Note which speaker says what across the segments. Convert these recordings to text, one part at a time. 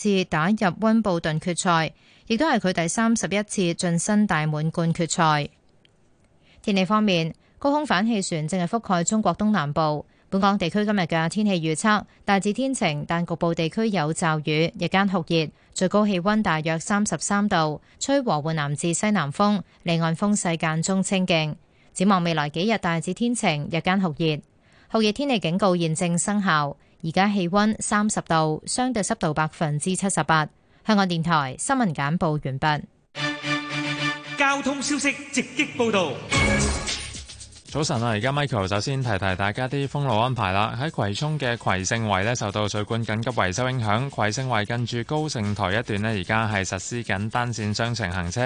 Speaker 1: 次打入溫布頓決賽，亦都係佢第三十一次晉身大滿貫決賽。天氣方面，高空反氣旋正係覆蓋中國東南部。本港地區今日嘅天氣預測大致天晴，但局部地區有驟雨。日間酷熱，最高氣溫大約三十三度，吹和緩南至西南風。離岸風勢間中清勁。展望未來幾日，大致天晴，日間酷熱。酷熱天氣警告現正生效。而家氣溫三十度，相對濕度百分之七十八。香港電台新聞簡報完畢。交通消
Speaker 2: 息直擊報道。早晨啊！而家 Michael 首先提提大家啲封路安排啦。喺葵涌嘅葵盛圍咧，受到水管緊急維修影響，葵盛圍近住高盛台一段咧，而家係實施緊單線雙程行車。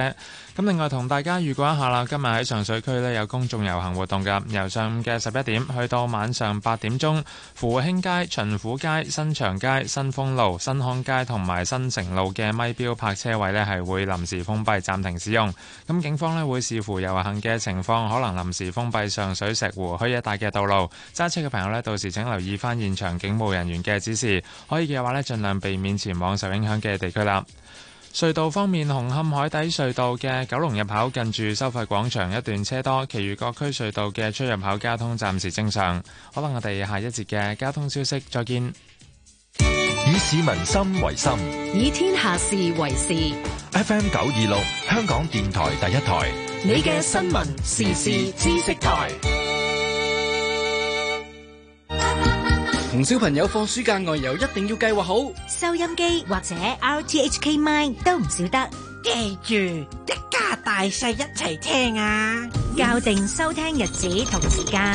Speaker 2: 咁另外同大家預告一下啦，今日喺上水區咧有公眾遊行活動嘅，由上午嘅十一點去到晚上八點鐘，扶興街、巡撫街、新祥街、新豐路、新康街同埋新城路嘅咪錶泊車位咧係會臨時封閉暫停使用。咁警方咧會視乎遊行嘅情況，可能臨時封閉，上水石湖墟一帶嘅道路，揸車嘅朋友咧，到時請留意翻現場警務人員嘅指示，可以嘅話咧，盡量避免前往受影響嘅地區啦。隧道方面，紅磡海底隧道嘅九龍入口近住收費廣場一段車多，其餘各區隧道嘅出入口交通暫時正常。好啦，我哋下一節嘅交通消息再見。以市民心為心，
Speaker 3: 以天下事為事。
Speaker 2: FM 九二六，香港電台第一台。
Speaker 3: 你嘅新聞、時事、知識台。同小朋友
Speaker 1: 放暑假外遊，
Speaker 3: 一定要計劃好。
Speaker 1: 收音機或者 RTHK Mine 都唔少得。記住，一家大細一齊聽啊！校定收聽日子同時間。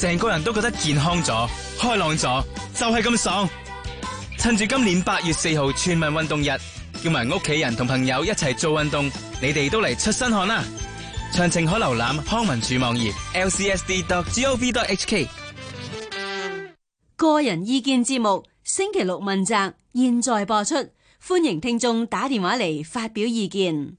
Speaker 3: 成個人都覺得健康咗，開朗咗，就係咁爽。趁住今年八月四號全民運動日，叫埋屋企人同朋友一齊做運動，你哋都嚟，出身汗啦！
Speaker 4: 詳情可瀏覽康文署網頁 lcsd.gov.hk。
Speaker 1: 個人意見節目星期六問責，現在播出，歡迎聽眾打電話嚟發表意見。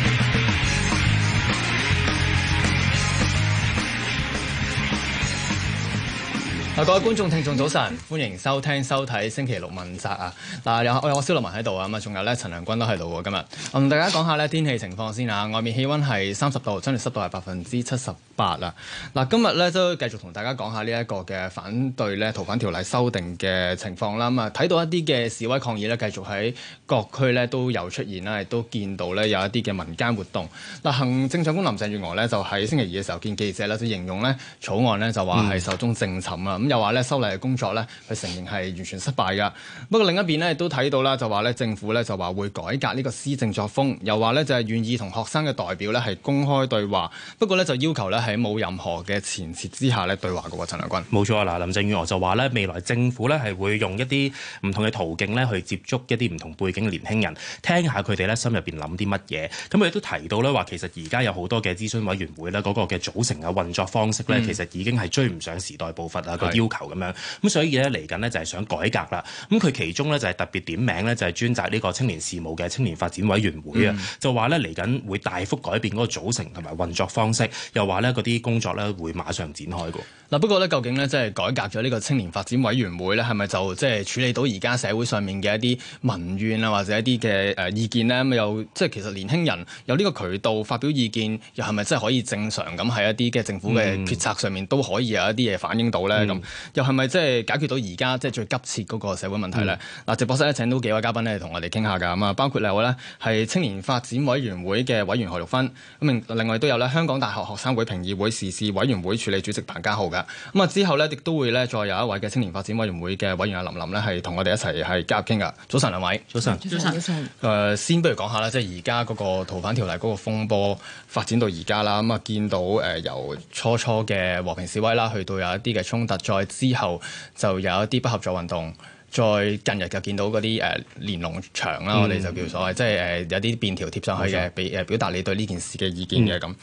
Speaker 3: 各位觀眾、聽眾早晨，歡迎收聽、收睇《星期六問責》啊！嗱，有我蕭洛汶喺度啊，咁啊，仲有咧陳亮均都喺度今日，咁、啊、同大家講下咧天氣情況先啊！外面氣温係三十度，相對濕度係百分之七十八啦。嗱，今日咧都繼續同大家講下呢一個嘅反對咧逃犯條例修訂嘅情況啦。咁啊，睇到一啲嘅示威抗議咧，繼續喺各區咧都有出現啦，亦都見到咧有一啲嘅民間活動。嗱、啊，行政長官林鄭月娥咧就喺星期二嘅時候見記者咧，就形容咧草案咧就話係壽終正寢啊。咁又話咧修例嘅工作咧，佢承認係完全失敗噶。不過另一邊咧，都睇到啦，就話咧政府咧就話會改革呢個施政作風，又話咧就係願意同學生嘅代表咧係公開對話。不過咧就要求咧喺冇任何嘅前設之下咧對話嘅喎，陳亮均。冇錯啦，林鄭月娥就話咧未來政府咧係會用一啲唔同嘅途徑咧去接
Speaker 5: 觸一啲唔同背景年輕人，聽下佢哋咧心入邊諗啲乜嘢。咁佢亦都提到咧話，其實而家有好多嘅諮詢委員會咧嗰個嘅組成嘅運作方式咧，其實已經係追唔上時代步伐啊。嗯要求咁樣，咁所以咧嚟緊呢就係想改革啦。咁佢其中咧就係特別點名咧，就係專責呢個青年事務嘅青年發展委員會啊，嗯、就話咧嚟緊會大幅改
Speaker 3: 變嗰個組成同埋運作方式，嗯、又話咧嗰啲工作咧會馬上展開過。嗱，不過咧究竟咧即係改革咗呢個青年發展委員會咧，係咪就即係處理到而家社會上面嘅一啲民怨啊，或者一啲嘅誒意見咧？咁又即係其實年輕人有呢個渠道發表意見，又係咪真係可以正常咁喺一啲嘅政府嘅決策上面都可以有一啲嘢反映到咧？咁、嗯？嗯又係咪即係解決到而家即係最急切嗰個社會問題呢？嗱、嗯，直播室咧請到幾位嘉賓咧，同我哋傾下㗎。咁啊，包括兩位咧係青年發展委員會嘅委員何玉芬，咁另另外都有咧香港大學學生會評議會時事委員會署理主席彭家浩嘅。咁啊，之後呢，亦都會咧再有一位嘅青年發展委員會嘅委員阿林琳呢，係同我哋一齊係加入傾噶。早晨兩位，早晨，早晨，
Speaker 2: 早
Speaker 3: 晨。誒，先不如講下啦，即係而家嗰個逃犯條例嗰個風波發展到而家啦。咁啊，見到誒由初初嘅和平示威啦，去到有一啲嘅衝突。之後就有一啲不合作運動，再近日就見到嗰啲誒連儂牆啦，嗯、我哋就叫所謂，即係誒有啲便條貼上去嘅，俾誒、嗯、表達你對呢件事嘅意見嘅咁。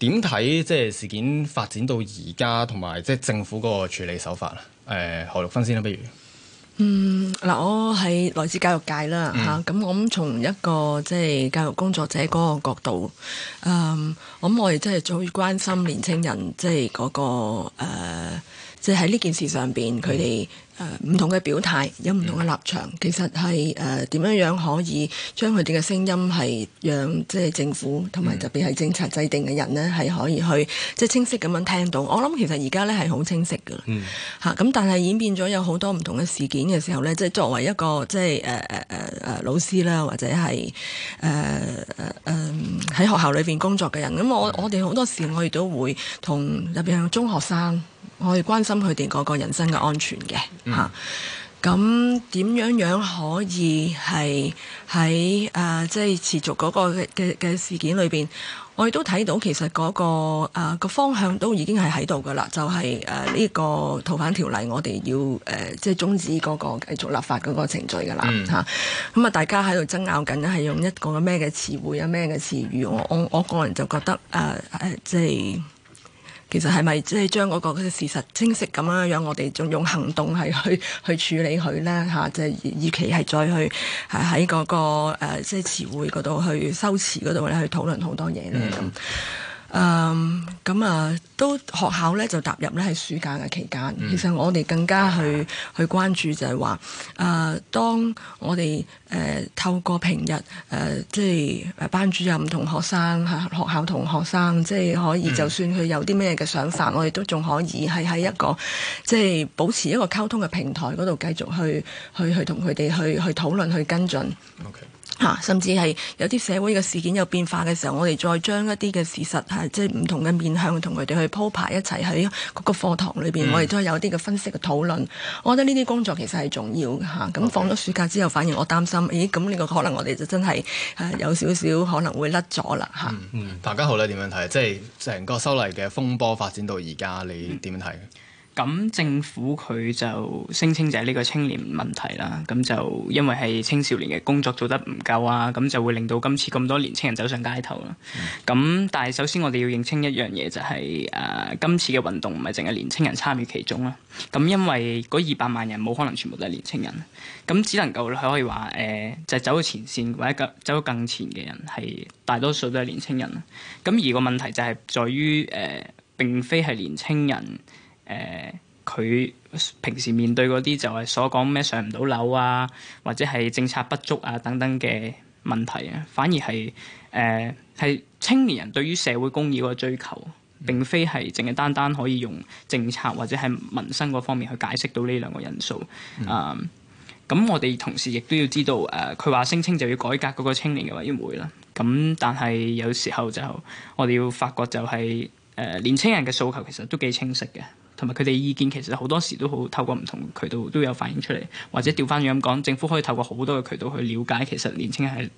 Speaker 3: 點睇即係事件發展到而家，同埋即係政府嗰個處理手法啊？誒，何玉芬先啦，不如。
Speaker 6: 嗯，嗱，我係來自教育界啦嚇，咁我諗從一個即係教育工作者嗰個角度，嗯，咁我哋真係最關心年青人即係嗰個、呃即係就喺呢件事上邊，佢哋誒唔同嘅表態，有唔同嘅立場。嗯、其實係誒點樣樣可以將佢哋嘅聲音係讓即係、就是、政府同埋特別係政策制定嘅人咧，係可以去即係、就是、清晰咁樣聽到。我諗其實而家咧係好清晰噶
Speaker 7: 啦
Speaker 6: 嚇。咁、嗯啊、但係演變咗有好多唔同嘅事件嘅時候咧，即係作為一個即係誒誒誒誒老師啦，或者係誒誒誒喺學校裏邊工作嘅人咁，我我哋好多時我亦都會同入邊嘅中學生。我哋關心佢哋嗰個人身嘅安全嘅嚇，咁點樣樣可以係喺誒即係持續嗰個嘅嘅事件裏邊，我哋都睇到其實嗰、那個誒、呃、方向都已經係喺度噶啦，就係誒呢個逃犯條例我，我哋要誒即係中止嗰個繼續立法嗰個程序噶啦嚇。咁、mm hmm. 啊，大家喺度爭拗緊係用一個咩嘅詞彙啊，咩嘅詞語，我我我個人就覺得誒誒、呃、即係。其實係咪即係將嗰個事實清晰咁樣樣，我哋仲用行動係去去處理佢咧嚇，即係與其係再去喺嗰個誒即係詞彙嗰度去修辭嗰度咧去討論好多嘢咧咁。嗯誒咁、uh, 啊，都學校咧就踏入咧係暑假嘅期間，嗯、其實我哋更加去、啊、去關注就係話誒當我哋誒、呃、透過平日誒、呃、即係誒班主任同學生嚇學，學校同學生，即係可以就算佢有啲咩嘅想法，嗯、我哋都仲可以係喺一個即係、嗯、保持一個溝通嘅平台嗰度繼續去去去同佢哋去去討論去跟進。嚇、啊，甚至係有啲社會嘅事件有變化嘅時候，我哋再將一啲嘅事實係、啊、即係唔同嘅面向同佢哋去鋪排一齊喺嗰個課堂裏邊，嗯、我哋都係有啲嘅分析嘅討論。我覺得呢啲工作其實係重要嘅嚇。咁、啊、放咗暑假之後，反而我擔心，咦 Okay.、哎？咁呢個可能我哋就真係係、啊、有少少可能會甩咗啦嚇。嗯、
Speaker 3: 彭家浩，咧點樣睇？即係成個修例嘅風波發展到而家，你點樣睇？嗯咁
Speaker 4: 政府佢就聲稱就係呢個青年問題啦。咁就因為係青少年嘅工作做得唔夠啊，咁就會令到今次咁多年青人走上街頭啦。咁、嗯、但係首先我哋要認清一樣嘢、就係，就係誒今次嘅運動唔係淨係年青人參與其中啦。咁因為嗰二百萬人冇可能全部都係年青人，咁只能夠係可以話誒、呃、就係、走到前線或者走到更前嘅人係大多數都係年青人啦。咁而個問題就係在於誒、呃、並非係年青人。誒，佢、呃、平時面對嗰啲就係所講咩上唔到樓啊，或者係政策不足啊等等嘅問題啊，反而係誒係青年人對於社會公義個追求，並非係淨係單單可以用政策或者係民生嗰方面去解釋到呢兩個因素啊。咁、嗯呃、我哋同時亦都要知道誒，佢、呃、話聲稱就要改革嗰個青年嘅委員會啦。咁但係有時候就我哋要發覺就係、是、誒、呃，年青人嘅訴求其實都幾清晰嘅。同埋佢哋意見其實好多時都好透過唔同渠道都有反映出嚟，或者調翻轉咁講，政府可以透過好多嘅渠道去了解其實年輕人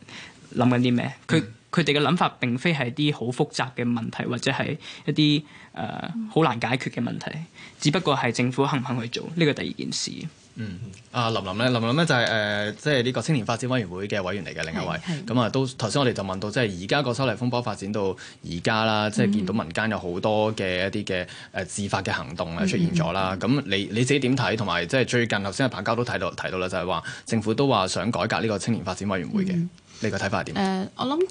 Speaker 4: 係諗緊啲咩。佢佢哋嘅諗法並非係啲好複雜嘅問題，或者係一啲誒好難解決嘅問題，只不過係政府肯唔肯去做呢個第二件事。嗯，啊林琳咧，林琳咧就係、是、誒，即係呢個青
Speaker 3: 年發展委員會嘅委員嚟嘅另一位，咁啊都頭先我哋就問到，即係而家個修例風波發展到而家啦，即係見到民間有好多嘅一啲嘅誒自發嘅行動啊出現咗啦。咁、嗯嗯嗯、你你自己點睇？同埋即係最近頭先阿家浩都睇到提到啦，就係、是、話政府都話想改革呢個青年發展委員會嘅呢個睇法係點？誒、呃，
Speaker 7: 我諗。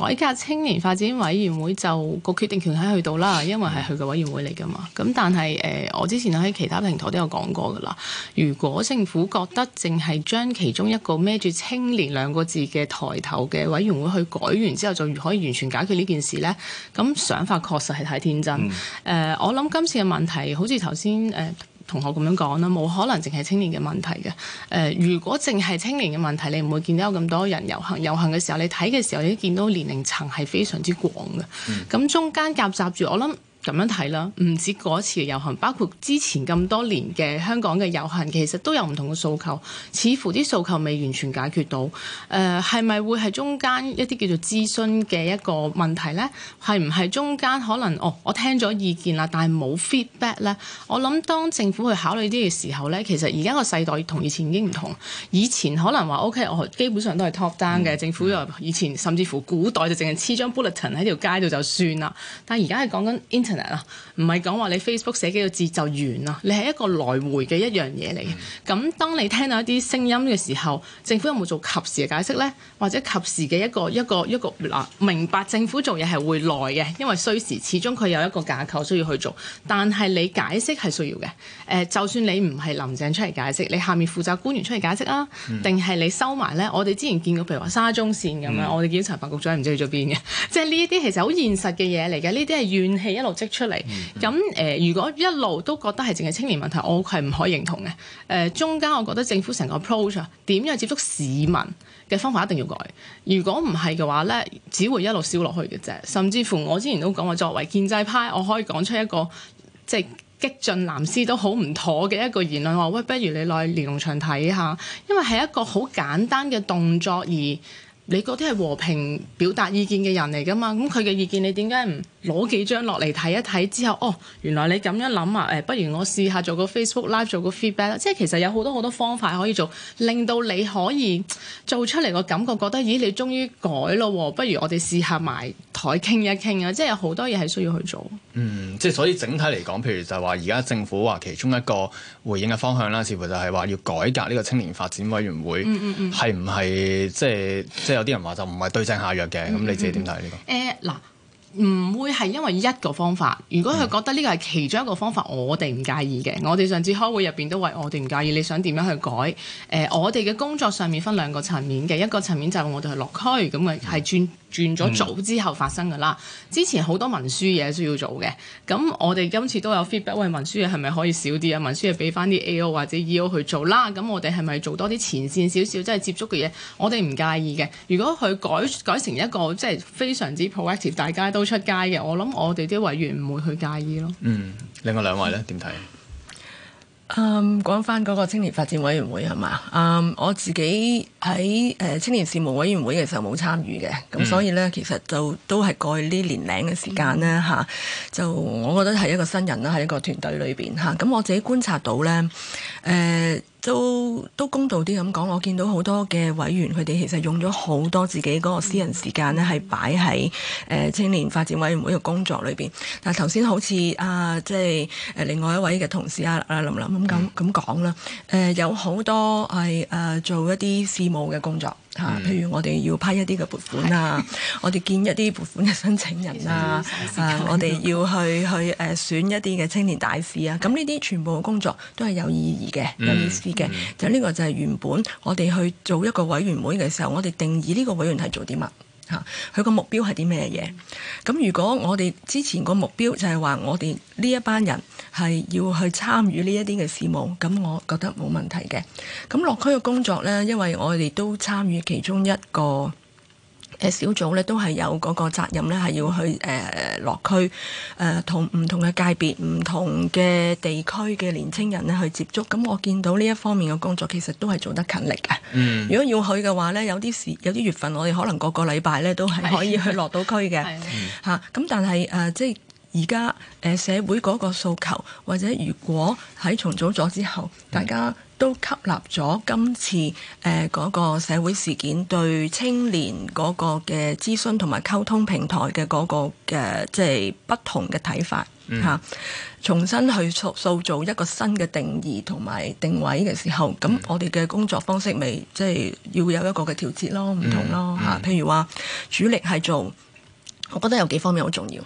Speaker 7: 改革青年發展委員會就、嗰個決定權喺佢度啦，因為係佢個委員會嚟噶嘛。咁但係誒、呃，我之前喺其他平台都有講過噶啦。如果政府覺得淨係將其中一個孭住青年兩個字嘅台頭嘅委員會去改完之後，就可以完全解決呢件事咧，咁想法確實係太天真。誒、嗯呃，我諗今次嘅問題好似頭先誒。呃同學咁樣講啦，冇可能淨係青年嘅問題嘅。誒、呃，如果淨係青年嘅問題，你唔會見到有咁多人遊行。遊行嘅時候，你睇嘅時候你都見到年齡層係非常之廣嘅。咁、嗯、中間夾雜住，我諗。咁樣睇啦，唔止嗰一次遊行，包括之前咁多年嘅香港嘅遊行，其實都有唔同嘅訴求。似乎啲訴求未完全解決到，誒係咪會係中間一啲叫做諮詢嘅一個問題呢？係唔係中間可能哦？我聽咗意見啦，但係冇 feedback 呢。我諗當政府去考慮呢啲嘅時候呢，其實而家個世代同以前已經唔同。以前可能話 OK，我基本上都係 top down 嘅、嗯、政府。又以前甚至乎古代就淨係黐張 bulletin 喺條街度就算啦。但係而家係講緊啦，唔係講話你 Facebook 寫幾個字就完啦，你係一個來回嘅一樣嘢嚟嘅。咁當你聽到一啲聲音嘅時候，政府有冇做及時嘅解釋咧？或者及時嘅一個一個一個嗱、啊，明白政府做嘢係會耐嘅，因為需時，始終佢有一個架構需要去做。但係你解釋係需要嘅。誒、呃，就算你唔係林鄭出嚟解釋，你下面負責官員出嚟解釋啊，定係、嗯、你收埋咧？我哋之前見過，譬如話沙中線咁樣，嗯、我哋見陳帆局長唔知去咗邊嘅，即係呢啲其實好現實嘅嘢嚟嘅。呢啲係怨氣一路出嚟咁誒，如果一路都覺得係淨係青年問題，我係唔可以認同嘅。誒、呃、中間我覺得政府成個 approach 點樣接觸市民嘅方法一定要改。如果唔係嘅話咧，只會一路燒落去嘅啫。甚至乎我之前都講過，作為建制派，我可以講出一個即係、就是、激進藍絲都好唔妥嘅一個言論話，喂，不如你落去連儂牆睇下，因為係一個好簡單嘅動作而。你嗰啲係和平表達意見嘅人嚟噶嘛？咁佢嘅意見，你點解唔攞幾張落嚟睇一睇之後哦，原來你咁樣諗啊！誒、欸，不如我試下做個 Facebook Live 做個 feedback 啦。即係其實有好多好多方法可以做，令到你可以做出嚟個感覺覺得咦，你終於改咯，不如我哋試下埋台傾一傾啊！即係有好多嘢係需要去做。嗯，
Speaker 3: 即係所以整體嚟講，譬如就係話而家政府話其中一個回應嘅方向啦，似乎就係話要改革呢個青年發展委員會，係唔係即係。即有啲人話就唔係對症下藥嘅，咁、嗯、你自己點睇呢個？
Speaker 7: 誒嗱、欸，唔會係因為一個方法。如果佢覺得呢個係其中一個方法，嗯、我哋唔介意嘅。我哋上次開會入邊都話，我哋唔介意。你想點樣去改？誒、呃，我哋嘅工作上面分兩個層面嘅，一個層面就係我哋去落區咁嘅，係轉。嗯轉咗組之後發生嘅啦，之前好多文書嘢需要做嘅，咁我哋今次都有 feedback，喂文書嘢係咪可以少啲啊？文書嘢俾翻啲 AO 或者 EO 去做啦，咁我哋係咪做多啲前線少少即係接觸嘅嘢？我哋唔介意嘅。如果佢改改成一個即係、就是、非常之 proactive 大家都出街嘅，我諗我哋啲委員唔會去介意咯。嗯，
Speaker 3: 另外兩位咧點睇？
Speaker 6: 嗯，講翻嗰個青年發展委員會係嘛？嗯，um, 我自己喺誒、呃、青年事務委員會嘅時候冇參與嘅，咁、嗯、所以咧其實就都係過去呢年齡嘅時間啦嚇、嗯啊，就我覺得係一個新人啦喺一個團隊裏邊嚇，咁、啊、我自己觀察到咧誒。呃嗯都、so, 都公道啲咁講，我見到好多嘅委員佢哋其實用咗好多自己嗰個私人時間咧，係擺喺誒青年發展委員會嘅工作裏邊。但係頭先好似啊，即係誒另外一位嘅同事阿阿、啊、林林咁咁講啦，誒、嗯呃、有好多係誒、呃、做一啲事務嘅工作。啊、譬如我哋要批一啲嘅撥款啊， 我哋見一啲撥款嘅申請人啊， 啊我哋要去去誒選一啲嘅青年大使啊，咁呢啲全部嘅工作都係有意義嘅， 有意思嘅。 就呢個就係原本我哋去做一個委員會嘅時候，我哋定義呢個委員係做啲乜？佢個目標係啲咩嘢？咁如果我哋之前個目標就係話我哋呢一班人係要去參與呢一啲嘅事務，咁我覺得冇問題嘅。咁落區嘅工作咧，因為我哋都參與其中一個。誒小組咧都係有嗰個責任咧，係要去誒、呃、落區誒、呃，同唔同嘅界別、唔同嘅地區嘅年青人咧去接觸。咁我見到呢一方面嘅工作，其實都係做得勤力嘅。嗯，如果要去嘅話咧，有啲時有啲月份，我哋可能個個禮拜咧都係可以去落到區嘅嚇。咁但係誒、呃，即係。而家誒社會嗰個訴求，或者如果喺重組咗之後，嗯、大家都吸納咗今次誒嗰、呃嗰個社會事件對青年嗰個嘅諮詢同埋溝通平台嘅嗰個嘅即係不同嘅睇法嚇、嗯啊，重新去塑造一個新嘅定義同埋定位嘅時候，咁我哋嘅工作方式咪即係要有一個嘅調節咯，唔同咯嚇、嗯嗯啊。譬如話主力係做，我覺得有幾方面好重要。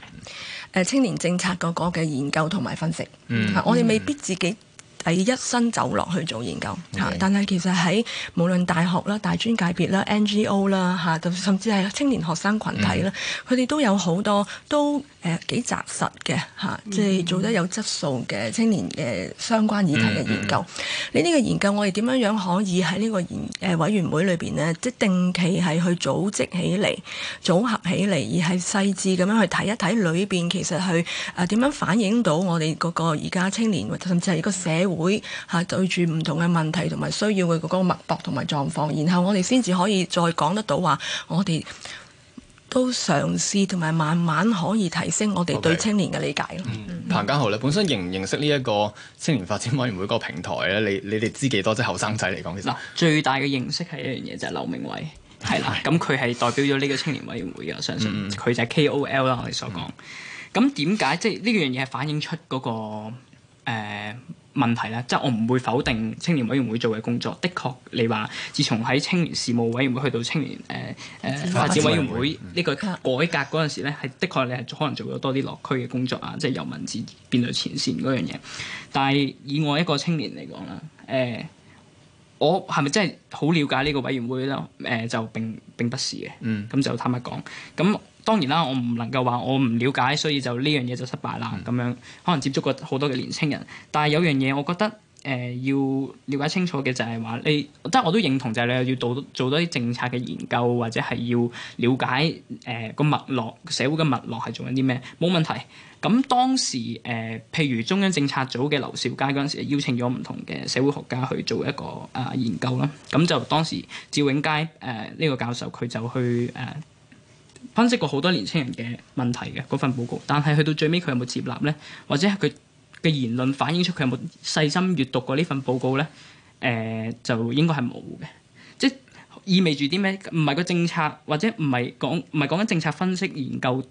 Speaker 6: 誒青年政策嗰個嘅研究同埋分析，嗯、我哋未必自己。第一身走落去做研究吓，Okay. 但係其實喺無論大學啦、大專界別啦、NGO 啦吓，甚至係青年學生群體啦，佢哋、mm hmm. 都有好多都誒幾紮實嘅吓，啊 mm hmm. 即係做得有質素嘅青年嘅相關議題嘅研究。Mm hmm. 你呢個研究我哋點樣樣可以喺呢個誒委員會裏邊咧，即係定期係去組織起嚟、組合起嚟，而係細致咁樣去睇一睇裏邊其實去誒點樣反映到我哋嗰個而家青年，甚至係個社會會吓對住唔同嘅問題同埋需要嘅嗰個脈搏同埋狀況，然後我哋先至可以再講得到話，我哋都嘗試同埋慢慢可以提升我哋對青年嘅理解。Okay. 嗯、
Speaker 3: 彭家浩咧，本身認唔認識呢一個青年發展
Speaker 4: 委員會個平台咧？你你哋知幾多？即係後生仔嚟講，其實，最大嘅認識係一樣嘢，就係、是、劉明偉係 啦。咁佢係代表咗呢個青年委員會嘅，我相信佢、嗯、就係 K O L 啦。我哋所講，咁點解即係呢樣嘢係反映出嗰、那個誒？呃問題啦，即係我唔會否定青年委員會做嘅工作。的確，你話自從喺青年事務委員會去到青年誒誒發展委員會呢個改革嗰陣時咧，係、嗯、的確你係可能做咗多啲落區嘅工作啊，即係由文字變到前線嗰樣嘢。但係以我一個青年嚟講啦，誒我係咪真係好了解呢個委員會咧？誒就並並不是嘅，咁、嗯、就坦白講咁。當然啦，我唔能夠話我唔了解，所以就呢樣嘢就失敗啦咁樣。可能接觸過好多嘅年輕人，但係有樣嘢我覺得誒、呃、要了解清楚嘅就係、是、話、就是、你，即係我都認同就係你要做做多啲政策嘅研究，或者係要了解誒、呃、個脈絡，社會嘅脈絡係做緊啲咩，冇問題。咁當時誒、呃、譬如中央政策組嘅劉兆佳嗰陣時邀請咗唔同嘅社會學家去做一個誒、呃、研究啦。咁就當時趙永佳誒呢個教授佢就去誒。呃分析過好多年青人嘅問題嘅嗰份報告，但係去到最尾佢有冇接納咧，或者佢嘅言論反映出佢有冇細心閱讀過呢份報告咧？誒、呃，就應該係冇嘅，即意味住啲咩？唔係個政策，或者唔係講唔係講緊政策分析研究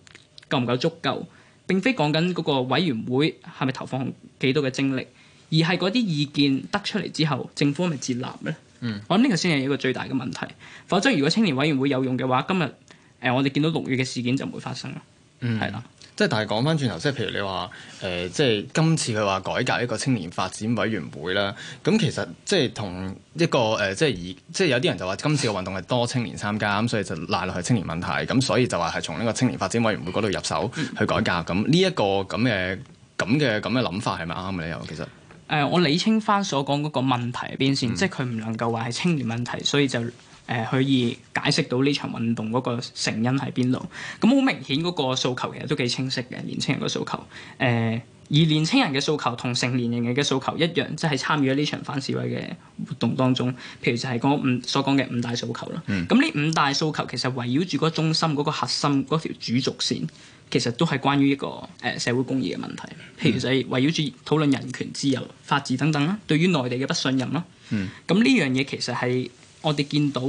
Speaker 4: 夠唔夠，夠足夠？並非講緊嗰個委員會係咪投放幾多嘅精力，而係嗰啲意見得出嚟之後，政府係咪接納咧？嗯、我諗呢個先係一個最大嘅問題。否則如果青年委員會有用嘅話，今日，我哋見到六月嘅事件就唔會發生啦，係啦、嗯，即係的但係講翻轉頭，即係譬如你話誒，即、呃、係、就是、今次佢話改革一個青年發展
Speaker 3: 委員會啦，咁其實即係同一個誒，即係而即係有啲人就話今次嘅運動係多青年參加，咁所以就賴落去青年問題，咁、嗯、所以就話係從呢個青年發展委員會嗰度入手去改革，咁呢一個咁嘅咁嘅咁嘅諗法係咪啱嘅咧？又其實
Speaker 4: 誒、呃，我理清翻所講嗰個問題邊先，嗯、即係佢唔能夠話係青年問題，所以就。誒，可以解釋到呢場運動嗰個成因喺邊度？咁好明顯，嗰個訴求其實都幾清晰嘅，年青人嘅訴求。誒、呃，而年青人嘅訴求同成年人嘅訴求一樣，即、就、係、是、參與咗呢場反示威嘅活動當中。譬如就係五所講嘅五大訴求啦。咁呢、嗯、五大訴求其實圍繞住嗰中心、嗰個核心、嗰條主軸線，其實都係關於一個誒社會公義嘅問題。譬如就係圍繞住討論人權、自由、法治等等啦。對於內地嘅不信任咯。咁呢、嗯、樣嘢其實係。我哋見到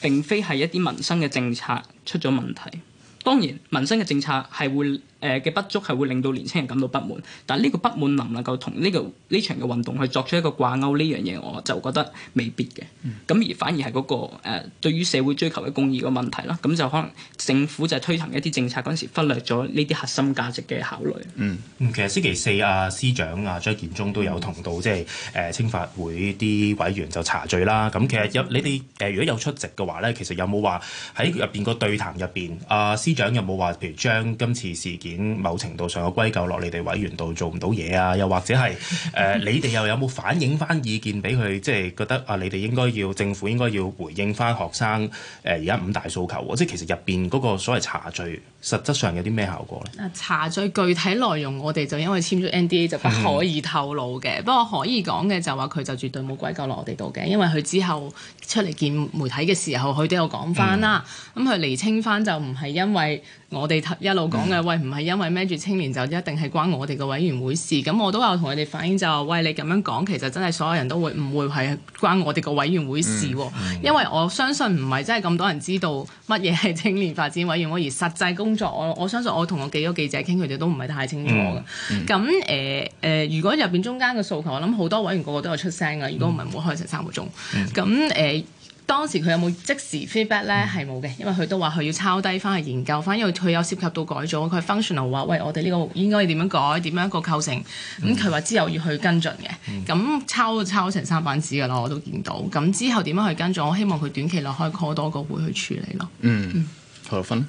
Speaker 4: 並非係一啲民生嘅政策出咗問題，當然民生嘅政策係會。誒嘅不足係會令到年輕人感到不滿，但係呢個不滿能唔能夠同呢個呢場嘅運動去作出一個掛鈎呢樣嘢，我就覺得未必嘅。咁、嗯、而反而係嗰、那個誒、呃、對於社會追求嘅公義嘅問題啦，咁就可能政府就係推行一啲政策嗰陣時，忽略咗呢啲核心價值嘅考慮。
Speaker 5: 嗯，其實星期四阿司長阿張建宗都有同到、嗯、即係誒青發會啲委員就查罪啦。咁其實有你哋誒、呃、如果有出席嘅話咧，其實有冇話喺入邊個對談入邊，阿、呃、司長有冇話譬如將今次事件？某程度上，嘅歸咎落你哋委員度做唔到嘢啊，又或者係誒、呃，你哋又有冇反映翻意見俾佢，即係覺得啊，你哋應該要政府應該要回應翻學生誒而家五大訴求，即係其實入邊嗰個所謂查罪。實質上有啲咩效果咧？
Speaker 7: 查最具體內容，我哋就因為簽咗 NDA 就不可以透露嘅。嗯、不過可以講嘅就話佢就絕對冇鬼搞落我哋度嘅，因為佢之後出嚟見媒體嘅時候，佢都有講翻啦。咁佢釐清翻就唔係因為我哋一路講嘅、嗯、喂，唔係因為孭住青年就一定係關我哋嘅委員會事。咁我都有同佢哋反映就話、是：喂，你咁樣講其實真係所有人都會唔會係關我哋嘅委員會事？嗯嗯、因為我相信唔係真係咁多人知道乜嘢係青年發展委員會，而實際公工作，我我相信我同我幾個記者傾，佢哋都唔係太清楚嘅。咁誒誒，如果入邊中間嘅訴求，我諗好多委員個個都有出聲嘅。如果唔係，冇開成三個鐘。咁誒、嗯呃，當時佢有冇即時 feedback 咧？係冇嘅，因為佢都話佢要抄低翻去研究。因為佢有涉及到改組，佢 function 又話：喂，我哋呢個應該點樣改？點樣一個構成？咁佢話之後要去跟進嘅。咁、嗯、抄抄成三版紙嘅咯，我都見到。咁之後點樣去跟進？我希望佢短期內開 call 多個會去處理咯。嗯，
Speaker 3: 何、嗯、玉芬？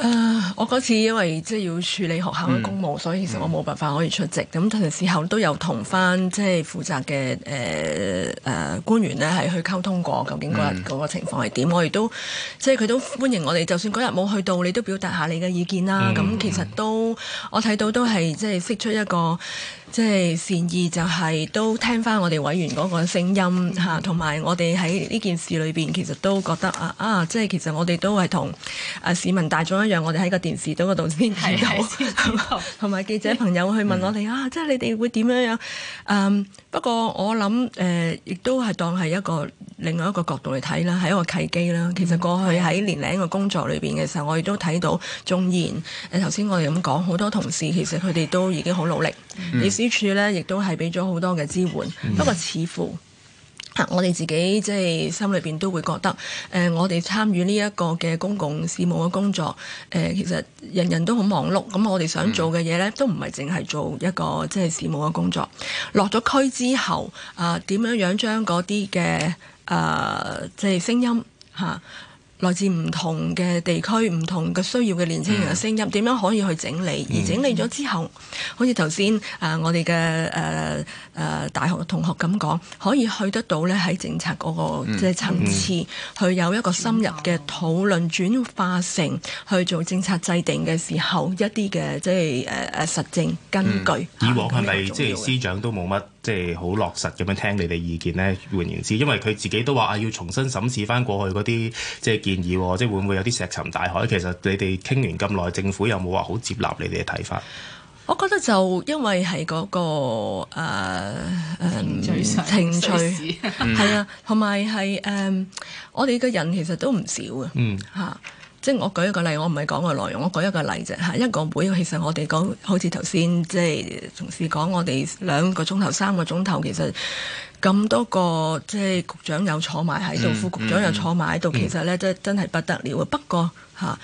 Speaker 7: 啊！Uh, 我嗰次因為即係要處
Speaker 6: 理學校嘅公務，嗯、所以其實我冇辦法可以出席。咁同時候都有同翻即係負責嘅誒誒官員咧係去溝通過，究竟嗰日嗰個情況係點？嗯、我亦都即係佢都歡迎我哋，就算嗰日冇去到，你都表達下你嘅意見啦。咁、嗯、其實都我睇到都係即係釋出一個，即係善意、就是，就係都聽翻我哋委員嗰個聲音嚇，同埋、嗯、我哋喺呢件事裏邊，其實都覺得啊啊，即、啊、係其實我哋都係同啊市民大眾一樣，我哋喺個電視度先睇到，同埋 記者朋友去問我哋、嗯、啊，即係你哋會點樣樣嗯。Um, 不過我諗誒，亦、呃、都係當係一個另外一個角度嚟睇啦，係一個契機啦。其實過去喺年零嘅工作裏邊嘅時候，我亦都睇到縱然誒頭先我哋咁講好多同事，其實佢哋都已經好努力。歷史處呢亦都係俾咗好多嘅支援，不過似乎，我哋自己即係心裏面都會覺得，誒、呃，我哋參與呢一個嘅公共事務嘅工作，誒、呃，其實人人都好忙碌，咁我哋想做嘅嘢咧，都唔係淨係做一個即係事務嘅工作。落咗區之後，呃、啊，點樣樣將嗰啲嘅誒即係聲音嚇。來自唔同嘅地區、唔同嘅需要嘅年輕人嘅聲音，點、嗯、樣可以去整理？而整理咗之後，好似頭先啊，我哋嘅誒誒大學同學咁講，可以去得到咧喺政策嗰個即係層次，嗯嗯、去有一個深入嘅討論，轉化成去做政策制定嘅時候一啲嘅即係誒誒實證根據。嗯、
Speaker 5: 以往係咪即係司長都冇乜？即係好落實咁樣聽你哋意見呢，換言之，因為佢自己都話啊，要重新審視翻過去嗰啲即係建議，即係會唔會有啲石沉大海？其實你哋傾完咁耐，政府有冇話好接納你哋
Speaker 6: 嘅睇法？我覺得就因為係嗰個誒誒情緒，係啊，同埋係誒我哋嘅人其實都唔少嘅，嗯嚇。啊即係我舉一個例，我唔係講個內容，我舉一個例啫嚇。一個會其實我哋講好似頭先，即係同事講，我哋兩個鐘頭、三個鐘頭，其實咁多個即係局長又坐埋喺度，副、嗯、局長又坐埋喺度，嗯、其實咧真真係不得了啊！不過嚇。啊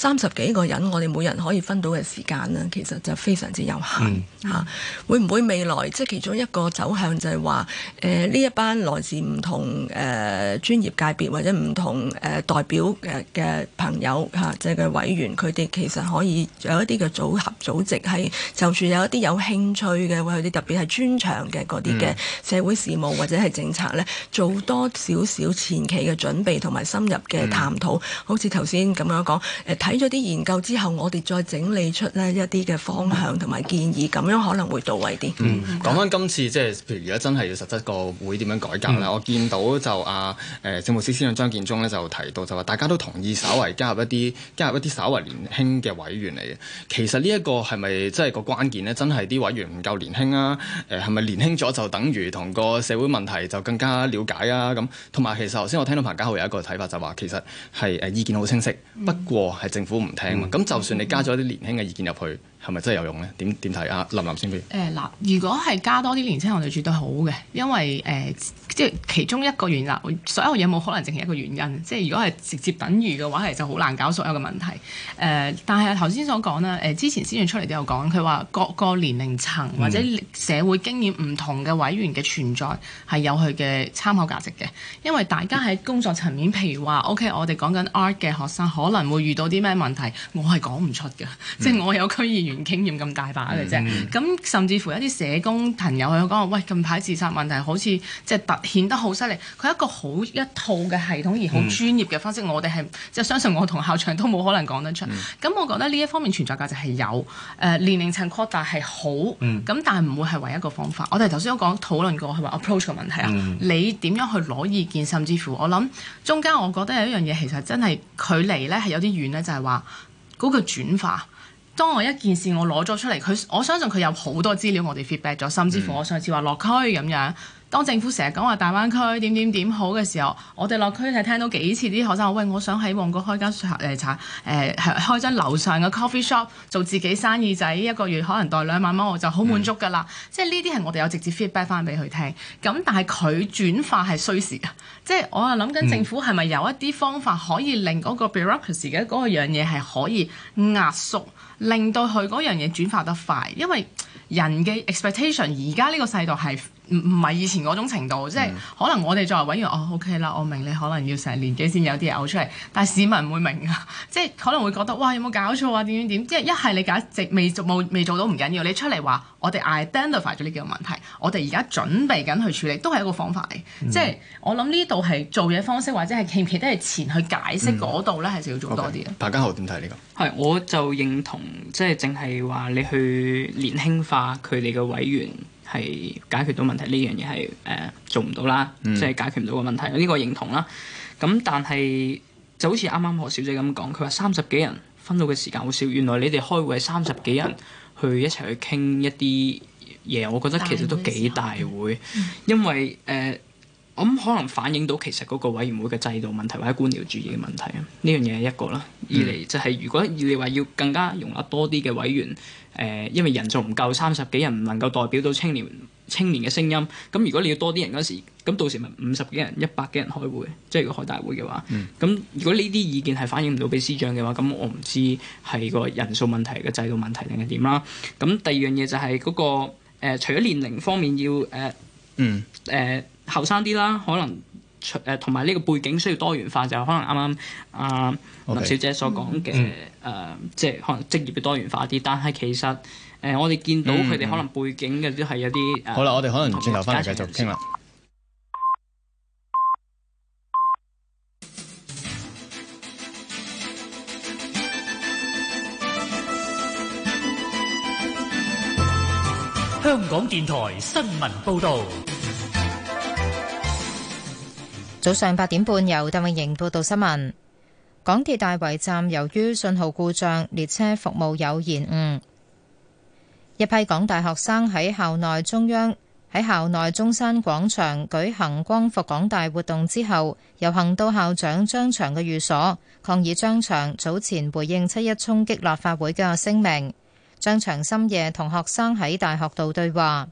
Speaker 6: 三十幾個人，我哋每人可以分到嘅時間呢，其實就非常之有限嚇、mm. 啊。會唔會未來即係其中一個走向就係、是、話，誒、呃、呢一班來自唔同誒、呃、專業界別或者唔同誒、呃、代表嘅嘅、呃呃、朋友嚇、啊，即係嘅委員，佢哋其實可以有一啲嘅組合組織，係就住有一啲有興趣嘅或者特別係專長嘅嗰啲嘅社會事務或者係政策呢，做多少少前期嘅準備同埋深入嘅探討，mm. 好似頭先咁樣講睇咗啲研究之後，我哋再整理出呢一啲嘅方向同埋建議，咁樣可能會到位啲。嗯，講
Speaker 3: 翻今次即係譬如如果真係要實質個會點樣改革啦，嗯、我見到就阿誒、啊、政務司司長張建宗咧就提到，就話大家都同意稍為加入一啲加入一啲稍為年輕嘅委員嚟嘅。其實呢一個係咪真係個關鍵咧？真係啲委員唔夠年輕啊？誒，係咪年輕咗就等於同個社會問題就更加了解啊？咁同埋其實頭先我聽到彭家浩有一個睇法就，就話其實係誒意見好清晰，不過、嗯。係。政府唔聽嘛，咁、嗯、就算你加咗啲年輕嘅意見入去。係咪真係有用咧？點點睇啊？林琳先。佢
Speaker 7: 誒、嗱，如果係加多啲年青人我哋絕對好嘅，因為誒、即係其中一個原因，所有嘢冇可能淨係一個原因。即係如果係直接等於嘅話，其實好難搞所有嘅問題。誒、呃，但係頭先所講啦，誒、呃、之前先政出嚟都有講，佢話各個年齡層或者社會經驗唔同嘅委員嘅存在係、嗯、有佢嘅參考價值嘅，因為大家喺工作層面，譬如話，OK，我哋講緊 art 嘅學生可能會遇到啲咩問題，我係講唔出嘅，即係、嗯、我有區議。原經驗咁大把嘅啫，咁、嗯嗯、甚至乎一啲社工朋友佢講，喂，近排自殺問題好似即係凸顯得好犀利，佢一個好一套嘅系統而好專業嘅方式，嗯、我哋係即係相信我同校長都冇可能講得出。咁、嗯嗯、我覺得呢一方面存在價值係有，誒、呃、年齡層擴大係好，咁、嗯、但係唔會係唯一一個方法。我哋頭先都講討論過佢話 approach 嘅問題啊，嗯、你點樣去攞意見，甚至乎我諗中間，我覺得有一樣嘢其實真係距離咧係有啲遠咧，就係話嗰個轉化。當我一件事我攞咗出嚟，佢我相信佢有好多資料，我哋 feedback 咗，甚至乎我上次話落區咁樣。當政府成日講話大灣區點點點好嘅時候，我哋落區就聽到幾次啲學生話：喂，我想喺旺角開間誒茶誒係開張樓上嘅 coffee shop 做自己生意仔，一個月可能袋兩萬蚊，我就好滿足㗎啦。嗯、即係呢啲係我哋有直接 feedback 翻俾佢聽。咁但係佢轉化係需時嘅，即係我係諗緊政府係咪有一啲方法可以令嗰個 bureaucracy 嘅嗰個樣嘢係可以壓縮。令到佢嗰樣嘢轉化得快，因為人嘅 expectation 而家呢個世道係。唔唔係以前嗰種程度，即係可能我哋作為委員，嗯、哦 OK 啦，我明你可能要成年幾先有啲嘢 out 出嚟，但市民唔會明㗎，即係可能會覺得哇，有冇搞錯啊？點點點，即係一係你一直未做冇未、未做到唔緊要，你出嚟話我哋 identify 咗呢幾個問題，我哋而家準備緊去處理，都係一個方法嚟。嗯，即即係我諗呢度係做嘢方式或者係企唔企得前去解釋嗰度咧，係需、嗯、要做多啲嘅。
Speaker 4: 彭家浩點睇呢個？係，我就認同，即係淨係話你去年輕化佢哋嘅委員。係解決到問題呢樣嘢係誒做唔到啦，即係解決唔到個問題，呢、嗯、個認同啦。咁但係就好似啱啱何小姐咁講，佢話三十幾人分到嘅時間好少。原來你哋開會係三十幾人去一齊去傾一啲嘢，我覺得其實都幾大會，大會因為誒、呃，我諗可能反映到其實嗰個委員會嘅制度問題或者官僚主義嘅問題啊。呢樣嘢係一個啦，二嚟、嗯、就係如果你話要更加容納多啲嘅委員。誒，因為人數唔夠，三十幾人唔能夠代表到青年青年嘅聲音。咁如果你要多啲人嗰時，咁到時咪五十幾人、一百幾人開會，即係如果開大會嘅話。咁、嗯、如果呢啲意見係反映唔到俾司長嘅話，咁我唔知係個人數問題、個制度問題定係點啦。咁第二樣嘢就係嗰、嗰個、呃、除咗年齡方面要誒，誒後生啲啦，可能。出誒，同埋呢個背景需要多元化，就係，可能啱啱阿林小姐所講嘅誒，即係可能職業要多元化啲，但係其實誒、呃、我哋見到佢哋可能背景嘅都係一啲誒。好啦，我哋可能轉頭翻嚟繼續傾
Speaker 1: 啦。
Speaker 4: 吧香港電台新聞報導。
Speaker 1: 早上八點半，由鄧穎盈報道新聞。港鐵大圍站由於信號故障，列車服務有延誤。一批港大學生喺校內中央喺校內中山廣場舉行光復港大活動之後，遊行到校長張翔嘅寓所，抗議張翔早前回應七一衝擊立法會嘅聲明。張翔深夜同學生喺大學度對話。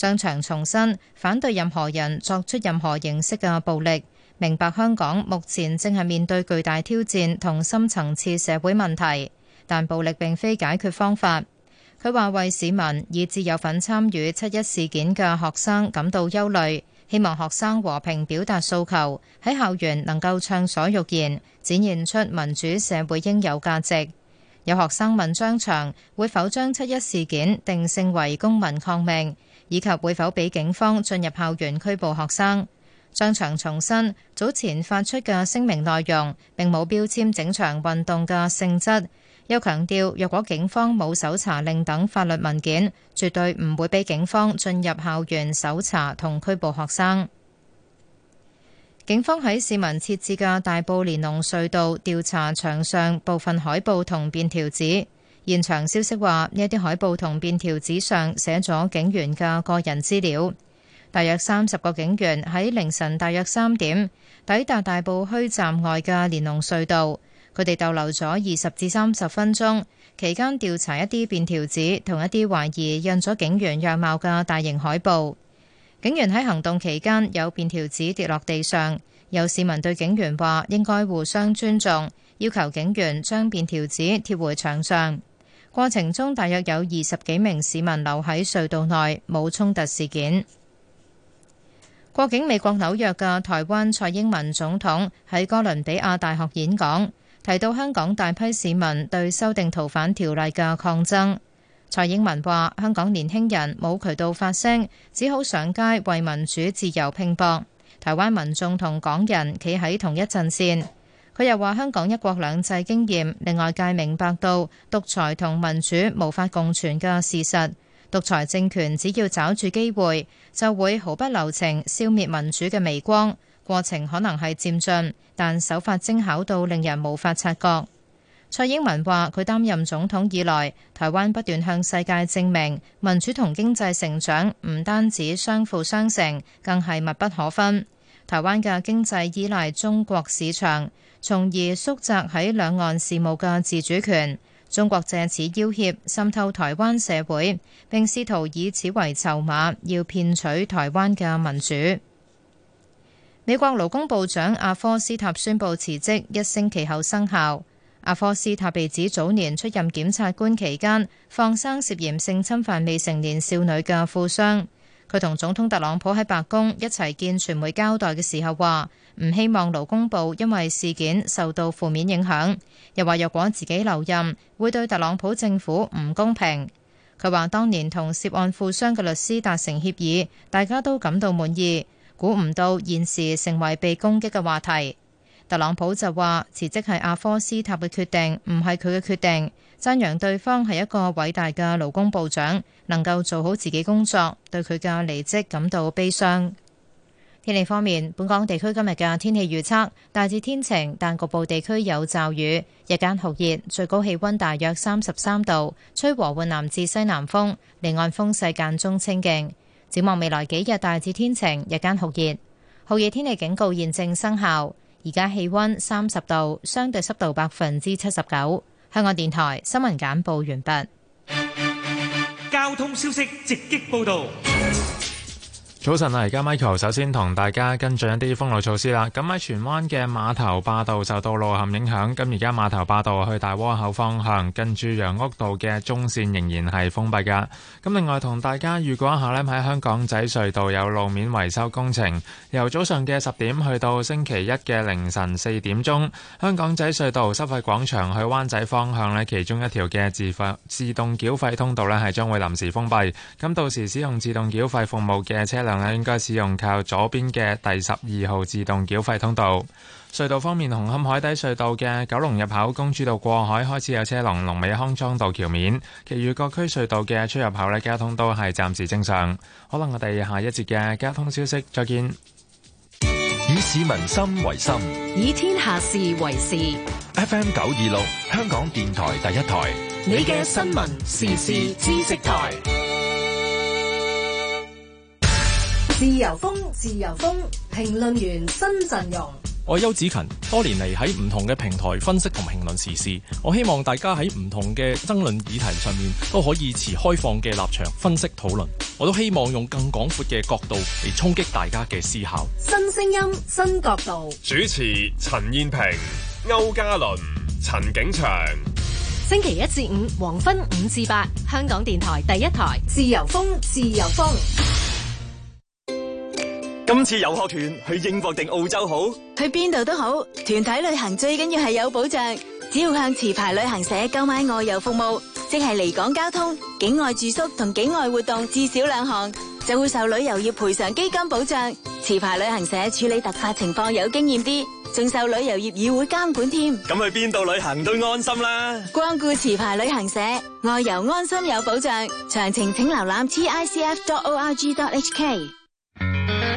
Speaker 1: 張翔重申反對任何人作出任何形式嘅暴力，明白香港目前正係面對巨大挑戰同深層次社會問題，但暴力並非解決方法。佢話為市民以至有份參與七一事件嘅學生感到憂慮，希望學生和平表達訴求，喺校園能夠暢所欲言，展現出民主社會應有價值。有學生問張翔會否將七一事件定性為公民抗命？以及會否俾警方進入校園拘捕學生？張翔重申早前發出嘅聲明內容並冇標籤整場運動嘅性質。又強調若果警方冇搜查令等法律文件，絕對唔會俾警方進入校園搜查同拘捕學生。警方喺市民設置嘅大埔連儂隧道調查牆上部分海報同便條紙。現場消息話，呢一啲海報同便條紙上寫咗警員嘅個人資料。大約三十個警員喺凌晨大約三點抵達大埔墟站外嘅連龍隧道，佢哋逗留咗二十至三十分鐘，期間調查一啲便條紙同一啲懷疑印咗警員樣貌嘅大型海報。警員喺行動期間有便條紙跌落地上，有市民對警員話應該互相尊重，要求警員將便條紙貼回牆上。過程中，大約有二十幾名市民留喺隧道內，冇衝突事件。過境美國紐約嘅台灣蔡英文總統喺哥倫比亞大學演講，提到香港大批市民對修訂逃犯條例嘅抗爭。蔡英文話，香港年輕人冇渠道發聲，只好上街為民主自由拼搏。台灣民眾同港人企喺同一陣線。佢又話：香港一國兩制經驗令外界明白到獨裁同民主無法共存嘅事實。獨裁政權只要抓住機會，就會毫不留情消滅民主嘅微光。過程可能係漸進，但手法精巧到令人無法察覺。蔡英文話：佢擔任總統以來，台灣不斷向世界證明民主同經濟成長唔單止相輔相成，更係密不可分。台灣嘅經濟依賴中國市場。從而縮窄喺兩岸事務嘅自主權。中國借此要挾，滲透台灣社會，並試圖以此為籌碼，要騙取台灣嘅民主。美國勞工部長阿科斯塔宣布辭職，一星期後生效。阿科斯塔被指早年出任檢察官期間放生涉嫌性侵犯未成年少女嘅富商。佢同總統特朗普喺白宮一齊見傳媒交代嘅時候話：唔希望勞工部因為事件受到負面影響。又話若果自己留任，會對特朗普政府唔公平。佢話當年同涉案富商嘅律師達成協議，大家都感到滿意，估唔到現時成為被攻擊嘅話題。特朗普就話辭職係阿科斯塔嘅決定，唔係佢嘅決定，讚揚對方係一個偉大嘅勞工部長，能夠做好自己工作，對佢嘅離職感到悲傷。天氣方面，本港地區今日嘅天氣預測大致天晴，但局部地區有驟雨，日間酷熱，最高氣溫大約三十三度，吹和緩南至西南風，離岸風勢間中清勁。展望未來幾日，大致天晴，日間酷熱，酷熱天氣警告現正生效。而家氣溫三十度，相對濕度百分之七十九。香港電台新聞簡報完畢。
Speaker 2: 交通消息直擊報道。早晨啊！而家 Michael 首先同大家跟進一啲封路措施啦。咁喺荃灣嘅碼頭霸道受到路陷影響。咁而家碼頭霸道去大窩口方向，近住楊屋道嘅中線仍然係封閉噶。咁另外同大家預告一下咧，喺香港仔隧道有路面維修工程，由早上嘅十點去到星期一嘅凌晨四點鐘，香港仔隧道收費廣場去灣仔方向咧，其中一條嘅自費自動繳費通道咧係將會臨時封閉。咁到時使用自動繳費服務嘅車輛。我應該使用靠左邊嘅第十二號自動繳費通道。隧道方面，紅磡海底隧道嘅九龍入口公主道過海開始有車龍，龍尾康莊道橋面。其餘各區隧道嘅出入口咧，交通都係暫時正常。可能我哋下一節嘅交通消息，再見。以市民心為心，
Speaker 3: 以天下事為事。
Speaker 2: FM 九二六，香港電台第一台，
Speaker 5: 你嘅新聞時事知識台。
Speaker 6: 自由風，自由風，評論員新陣容。
Speaker 3: 我係邱子勤，多年嚟喺唔同嘅平台分析同評論時事。我希望大家喺唔同嘅爭論議題上面都可以持開放嘅立場分析討論。我都希望用更廣闊嘅角度嚟衝擊
Speaker 2: 大家嘅思考，
Speaker 1: 新聲音，新角度。
Speaker 2: 主持陳燕平、歐嘉倫、陳景祥。
Speaker 1: 星期一至五黃昏五至八，香港電台第一台，自由風，自由風。
Speaker 3: 今次遊學團去英國定澳洲好？
Speaker 4: 去邊度都好，團體旅行最緊要係有保障。只要向持牌旅行社購買外遊服務，即係離港交通、境外住宿同境外活動至少兩項，就會受旅遊業賠償基金保障。持牌旅行社處理突發情況有經驗啲，仲受旅遊業議會監管添。
Speaker 3: 咁去邊度旅行都安心啦！
Speaker 4: 光顧持牌旅行社，外遊安心有保障。詳情請瀏覽 TICF.org.hk。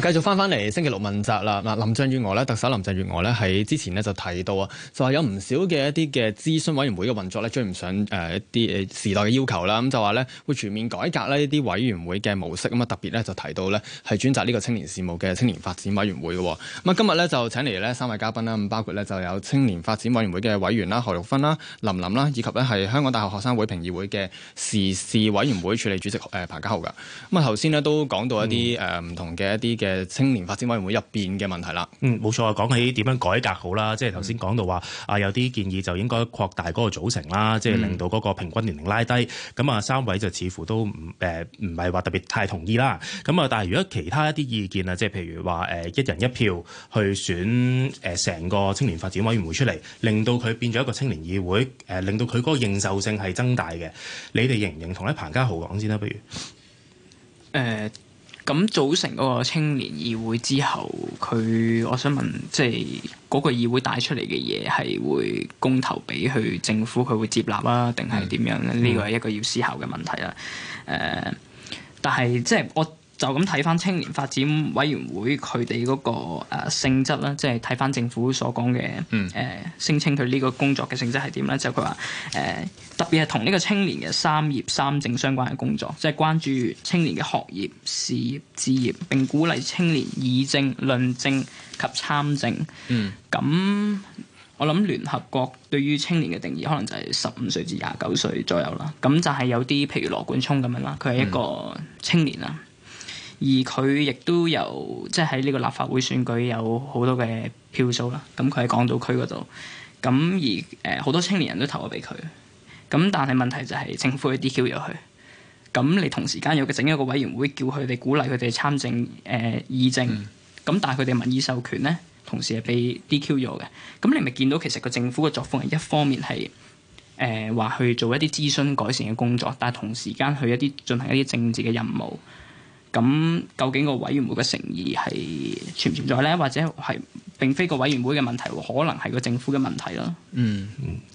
Speaker 3: 繼續翻返嚟星期六問責啦。嗱，林鄭月娥咧，特首林鄭月娥咧喺之前咧就提到啊，就話有唔少嘅一啲嘅諮詢委員會嘅運作咧追唔上誒一啲誒時代嘅要求啦。咁就話咧會全面改革咧呢啲委員會嘅模式。咁啊特別咧就提到咧係專責呢個青年事務嘅青年發展委員會嘅。咁啊今日咧就請嚟咧三位嘉賓啦。咁包括咧就有青年發展委員會嘅委員啦，何玉芬啦、林琳啦，以及咧係香港大學學生會評議會嘅時事委員會署理主席誒彭家浩噶。咁啊頭先咧都講到一啲誒唔同嘅一啲嘅。誒青年發展委員會入邊嘅問題啦，嗯，冇錯。講起點樣改革好啦，即係頭先講到話啊，有啲建議就應該擴大嗰個組
Speaker 5: 成啦，嗯、即係令到嗰個平均年齡拉低。咁啊，三位就似乎都唔誒，唔係話特別太同意啦。咁啊，但係如果其他一啲意見啊，即係譬如話誒一人一票去選誒成個青年發展委員會出嚟，令到佢變咗一個青年議會誒，令到佢嗰個認受性係增大嘅。你哋認唔認同咧？彭家浩講先啦，不如誒。呃
Speaker 4: 咁組成嗰個青年議會之後，佢我想問，即係嗰個議會帶出嚟嘅嘢係會公投俾佢政府，佢會接納啊，定係點樣咧？呢個係一個要思考嘅問題啦。誒、呃，但係即係我。就咁睇翻青年發展委員會佢哋嗰個、呃、性質啦，即係睇翻政府所講嘅誒聲稱佢呢個工作嘅性質係點咧？就佢話誒特別係同呢個青年嘅三業三政相關嘅工作，即係關注青年嘅學業、事業、置業，並鼓勵青年議政、論政及參政。咁、嗯、我諗聯合國對於青年嘅定義可能就係十五歲至廿九歲左右啦。咁就係有啲譬如羅冠聰咁樣啦，佢係一個青年啦。嗯而佢亦都有，即係喺呢個立法會選舉有好多嘅票數啦，咁佢喺港島區嗰度，咁而誒好、呃、多青年人都投咗俾佢，咁但係問題就係政府去 DQ 咗佢，咁你同時間有整一個委員會叫佢哋鼓勵佢哋參政誒、呃、議政，咁、嗯、但係佢哋民意授權咧，同時係被 DQ 咗嘅，咁你咪見到其實個政府嘅作風係一方面係誒話去做一啲諮詢改善嘅工作，但係同時間去一啲進行一啲政治嘅任務。咁究竟個委員會嘅誠意係存唔存在咧？或者係並非個委員會嘅問題，可能係個政府嘅問題咯。
Speaker 5: 嗯，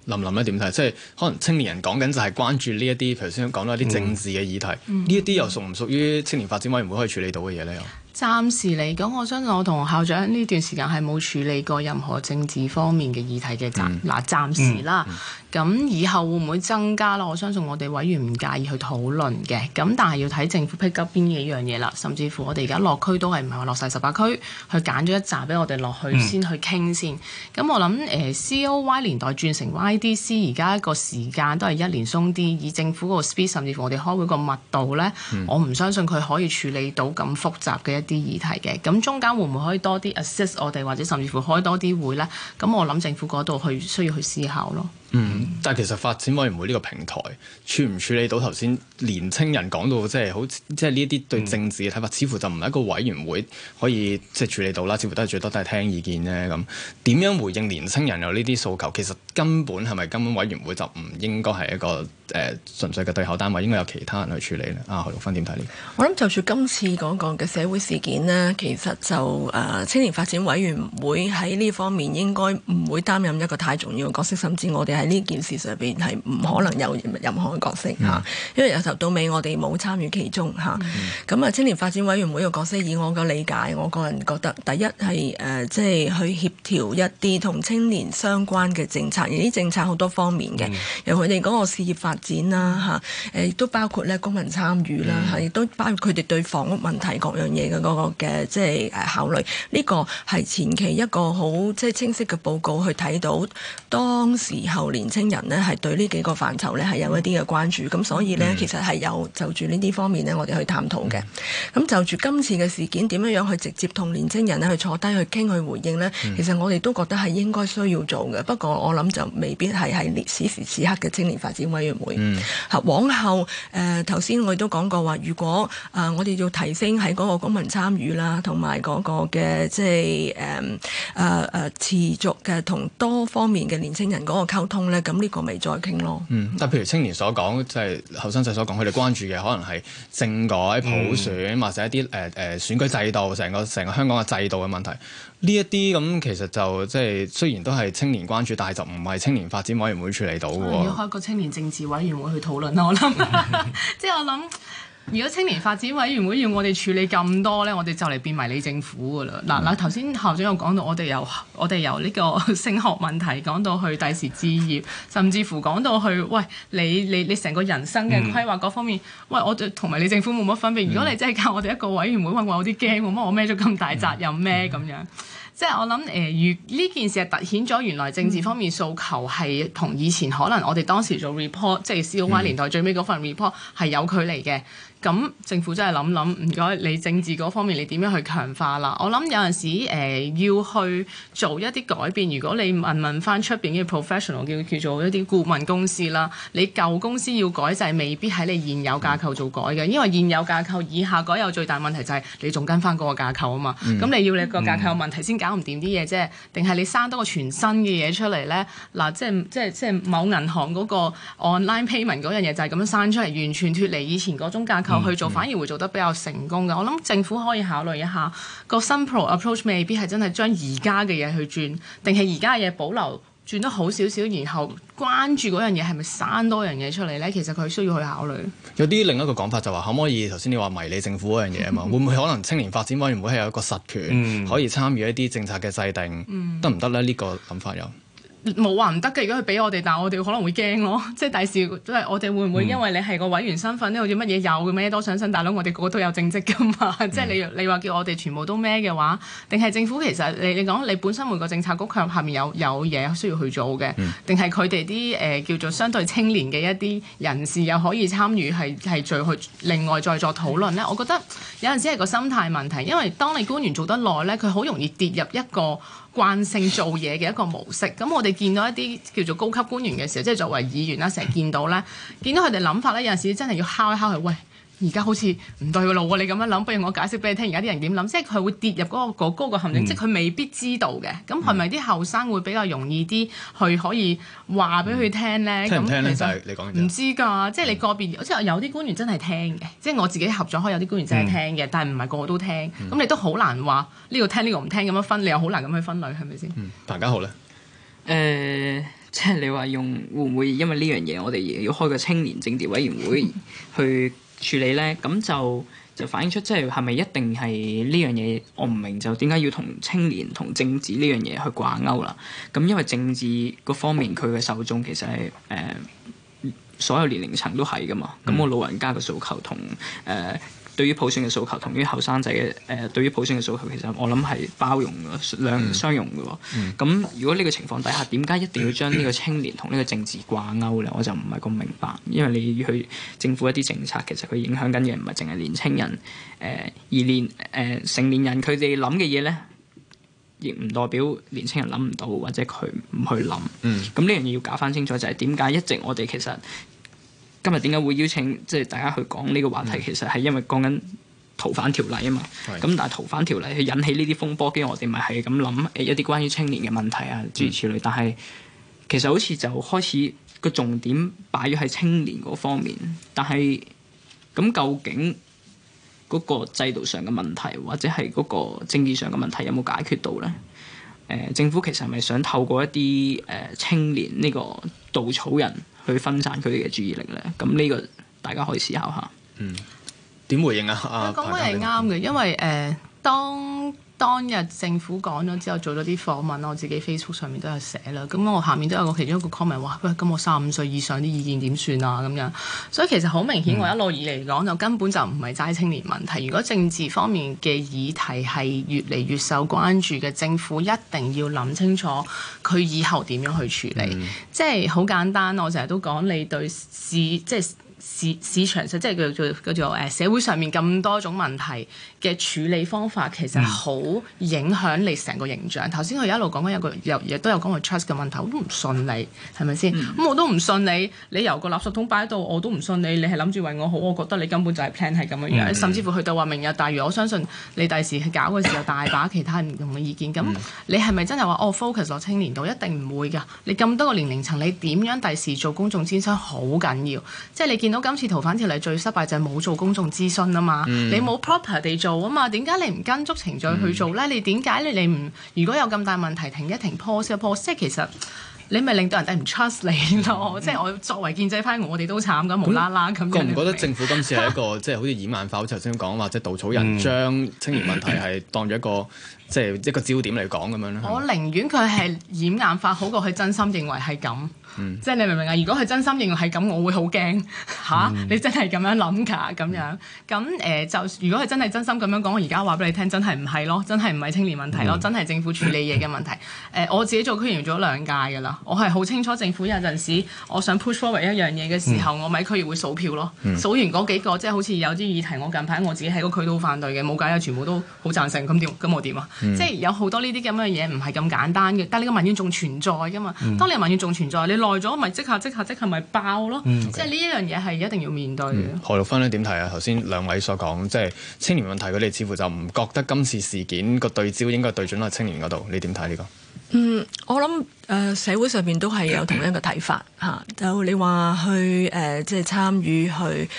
Speaker 4: 林琳咧點睇？即係
Speaker 3: 可能青年人講緊就係關注呢一啲，頭先講到一啲政治嘅議題，呢一啲又屬唔屬於青年發展委員會可以處理到嘅嘢咧？
Speaker 7: 暫、嗯、時嚟講，我相信我同校長呢段時間係冇處理過任何政治方面嘅議題嘅暫嗱暫時啦。咁以後會唔會增加啦？我相信我哋委員唔介意去討論嘅。咁但係要睇政府 pick up 邊幾樣嘢啦，甚至乎我哋而家落區都係唔係話落晒十八區去揀咗一集俾我哋落去先，嗯、先去傾先。咁我諗誒、呃、C O Y 年代轉成 Y D C 而家個時間都係一年鬆啲，以政府個 speed，甚至乎我哋開會個密度咧，嗯、我唔相信佢可以處理到咁複雜嘅一啲議題嘅。咁中間會唔會可以多啲 a s s i s t 我哋，或者甚至乎開多啲會咧？咁我諗政府嗰度去需要去思考咯。
Speaker 3: 嗯，但係其實發展委員會呢個平台處唔處理到頭先年青人講到即係好即係呢一啲對政治嘅睇法，似乎就唔係一個委員會可以即係處理到啦，似乎都係最多都係聽意見啫咁。點樣回應年青人有呢啲訴求？其實根本係咪根本委員會就唔應該係一個誒、呃、純粹嘅對口單位，應該有其他人去處理咧？阿何玉芬點睇呢？啊這個、
Speaker 6: 我諗就住今次講講嘅社會事件呢，其實就誒、呃、青年發展委員會喺呢方面應該唔會擔任一個太重要嘅角色，甚至我哋喺呢件事上邊係唔可能有任何嘅角色吓，嗯、因為由頭到尾我哋冇參與其中吓，咁啊、嗯，青年發展委員會嘅角色，以我嘅理解，我個人覺得，第一係誒即係去協調一啲同青年相關嘅政策，而啲政策好多方面嘅，嗯、由佢哋嗰個事業發展啦吓誒亦都包括咧公民參與啦吓亦都包括佢哋對房屋問題各樣嘢嘅嗰個嘅即係誒考慮呢、呢個係前期一個好即係清晰嘅報告，去睇到當時候。年青人咧，係對呢幾個範疇咧，係有一啲嘅關注，咁、嗯、所以咧，其實係有就住呢啲方面咧，我哋去探討嘅。咁、嗯、就住今次嘅事件，點樣樣去直接同年青人咧去坐低去傾去回應咧？嗯、其實我哋都覺得係應該需要做嘅。不過我諗就未必係喺此時此刻嘅青年發展委員會。嗯。往後誒頭先我哋都講過話，如果啊、呃，我哋要提升喺嗰個公民參與啦，同埋嗰個嘅即係誒誒誒持續嘅同多方面嘅年青，年青年人嗰個溝通。咧咁呢個未再傾咯。嗯，
Speaker 3: 但譬如青年所講，即係後生仔所講，佢哋關注嘅可能係政改、普選，或者一啲誒誒選舉制度、成個成個香港嘅制度嘅問題。呢一啲咁其實就即係雖然都係青年關注，但係就唔係青年發展委員會處理到嘅。要開
Speaker 7: 個青年政治委員會去討論啊！我諗， 即係我諗。如果青年發展委員會要我哋處理咁多咧，我哋就嚟變埋你政府噶啦！嗱嗱、mm，頭、hmm. 先校長又講到我，我哋由我哋由呢個升學問題講到去第時置業，甚至乎講到去喂你你你成個人生嘅規劃各方面，mm hmm. 喂，我同埋你政府冇乜分別。如果你真係靠我哋一個委員會，我有啲驚，冇乜我孭咗咁大責任咩咁、mm hmm. 樣？即係我諗誒、呃，如呢件事係凸顯咗原來政治方面訴求係同以前可能我哋當時做 report，即係 CY 年代最尾嗰份 report 係有距離嘅。咁政府真係諗諗，唔該你政治嗰方面你點樣去強化啦？我諗有陣時誒、呃、要去做一啲改變，如果你問問翻出邊嘅 professional 叫叫做一啲顧問公司啦，你舊公司要改就係未必喺你現有架構做改嘅，因為現有架構以下改有最大問題就係你仲跟翻嗰個架構啊嘛。咁、嗯、你要你個架構問題先搞唔掂啲嘢啫，定係你生多個全新嘅嘢出嚟咧？嗱，即係即係即係某銀行嗰個 online payment 嗰樣嘢就係咁樣生出嚟，完全脫離以前嗰種架構。後、嗯、去做反而會做得比較成功嘅，我諗政府可以考慮一下個新 pro approach，未必係真係將而家嘅嘢去轉定係而家嘅嘢保留轉得好少少，然後關注嗰樣嘢係咪生多樣嘢出嚟咧？其實佢需要去考慮。
Speaker 3: 有啲另一個講法就話、是、可唔可以頭先你話迷你政府嗰樣嘢啊嘛，嗯、會唔會可能青年發展委員會係有一個實權可以參與一啲政策嘅制定，得唔得咧？行行呢、呢個諗法有。
Speaker 7: 冇話唔得嘅，如果佢俾我哋，但係我哋可能會驚咯。即係第時都係我哋會唔會因為你係個委員身份咧，好似乜嘢有咁樣多上身？大佬我哋個個都有正職㗎嘛。嗯、即係你你話叫我哋全部都咩嘅話，定係政府其實你你講你本身每個政策局佢下面有有嘢需要去做嘅，定係佢哋啲誒叫做相對青年嘅一啲人士又可以參與係係再去另外再作討論咧？我覺得有陣時係個心態問題，因為當你官員做得耐咧，佢好容易跌入一個。慣性做嘢嘅一個模式，咁我哋見到一啲叫做高級官員嘅時候，即係作為議員啦，成日見到咧，見到佢哋諗法咧，有陣時真係要敲一敲佢喂。而家好似唔對路喎！你咁樣諗，不如我解釋俾你聽。而家啲人點諗？即係佢會跌入嗰個過高陷阱，即係佢未必知道嘅。咁係咪啲後生會比較容易啲去可以話俾佢聽咧？聽唔聽就係你講唔知㗎。即係你個別，即係有啲官員真係聽嘅。即係我自己合作開，有啲官員真係聽嘅，但係唔係個個都聽。咁你都好難話呢個聽，呢個唔聽咁樣分。你又好難咁去分類，係咪先？
Speaker 4: 彭家浩呢。誒，即係你話用會唔會因為呢樣嘢，我哋要開個青年政治委員會去？處理咧，咁就就反映出即係係咪一定係呢樣嘢？我唔明就點解要同青年同政治呢樣嘢去掛鈎啦？咁因為政治嗰方面佢嘅受眾其實係誒、呃、所有年齡層都係噶嘛。咁我老人家嘅訴求同誒。呃對於普選嘅訴求，同於後生仔嘅誒，對於普選嘅訴求，其實我諗係包容嘅，兩相容嘅喎。咁、嗯、如果呢個情況底下，點解一定要將呢個青年同呢個政治掛鈎咧？我就唔係咁明白，因為你去政府一啲政策，其實佢影響緊嘅唔係淨係年青人誒、呃，而年誒、呃、成年人佢哋諗嘅嘢咧，亦唔代表年青人諗唔到，或者佢唔去諗。咁呢樣嘢要搞翻清楚，就係點解一直我哋其實。今日點解會邀請即係大家去講呢個話題？嗯、其實係因為講緊逃犯條例啊嘛。咁、嗯、但係逃犯條例引起呢啲風波，跟住我哋咪係咁諗誒一啲關於青年嘅問題啊諸如此類。嗯、但係其實好似就開始個重點擺咗喺青年嗰方面。但係咁究竟嗰個制度上嘅問題或者係嗰個政治上嘅問題有冇解決到咧？誒、呃，政府其實係咪想透過一啲誒、呃、青年呢、呢個稻草人？去
Speaker 7: 分散佢哋嘅注意力咧，咁呢個大家可以思考下。嗯，
Speaker 3: 點回應啊？阿、啊，講得係啱
Speaker 7: 嘅，啊、因為誒、呃，當。當日政府講咗之後，做咗啲訪問，我自己 Facebook 上面都有寫啦。咁我下面都有個其中一個 comment 話，喂，咁我三十五歲以上啲意見點算啊？咁樣，所以其實好明顯，我一路以嚟講，嗯、就根本就唔係齋青年問題。如果政治方面嘅議題係越嚟越受關注嘅，政府一定要諗清楚佢以後點樣去處理。嗯、即係好簡單，我成日都講，你對市即係市市，市場上即係叫做叫做誒、呃、社會上面咁多種問題。嘅處理方法其實好影響你成個形象。頭先佢一路講緊有個都有講過 trust 嘅問題，我都唔信你係咪先？咁、嗯嗯、我都唔信你，你由個垃圾桶擺喺度我都唔信你。你係諗住為我好，我覺得你根本就係 plan 係咁樣樣。嗯、甚至乎佢就話明日大嶼，如我相信你第時去搞嘅時候，大把其他唔同嘅意見。咁、嗯、你係咪真係話哦 focus 落青年度一定唔會㗎？你咁多個年齡層，你點樣第時做公眾諮詢好緊要？即係你見到今次逃犯條例最失敗就係冇做公眾諮詢啊嘛。嗯、你冇 proper 地做。啊嘛？點解、嗯、你唔跟足程序去做咧？你點解咧？你唔如果有咁大問題停一停、pause 一 pause 即係其實你咪令到人哋唔 trust 你咯。嗯、即係我作為建制派，我哋都慘㗎，無啦啦咁樣。唔我、嗯嗯、覺得政府
Speaker 3: 今次係一個即係好似掩眼法，好似頭先講話，即係稻草人將青年問題係當咗一個、嗯、即係一個焦點嚟講咁樣咧。
Speaker 7: 我寧願佢係掩眼法，好過佢真心認為係咁。 嗯、即係你明唔明啊？如果佢真心認為係咁，我會好驚嚇。啊嗯、你真係咁樣諗㗎咁樣咁誒、嗯嗯呃？就如果佢真係真心咁樣講，我而家話俾你聽，真係唔係咯，真係唔係青年問題咯，真係政府處理嘢嘅問題。誒、嗯呃，我自己做區議員做咗兩屆㗎啦，我係好清楚政府有陣時，我想 push forward 一樣嘢嘅時候，嗯、我咪喺區議會數票咯。嗯、數完嗰幾個，即係好似有啲議題，我近排我自己喺個區都好反對嘅，冇解啊，全部都好贊成咁點？咁我點啊？嗯、即係有好多呢啲咁嘅嘢唔係咁簡單嘅，但係呢個民怨仲存在㗎嘛？當你個民怨仲存、嗯、存在，你。來咗咪即刻即刻即刻咪爆咯！Mm, okay. 即係呢一樣嘢係一定要面對
Speaker 3: 嘅。Mm, 何玉芬咧點睇啊？頭先兩位所講，即係青年問題，佢哋似乎就唔覺得今次事件個對焦應該對準落青年嗰度。你點睇呢個？嗯，
Speaker 6: 我諗誒、呃、社會上面都係有同樣嘅睇法嚇。 就你話去誒、呃、即係參與去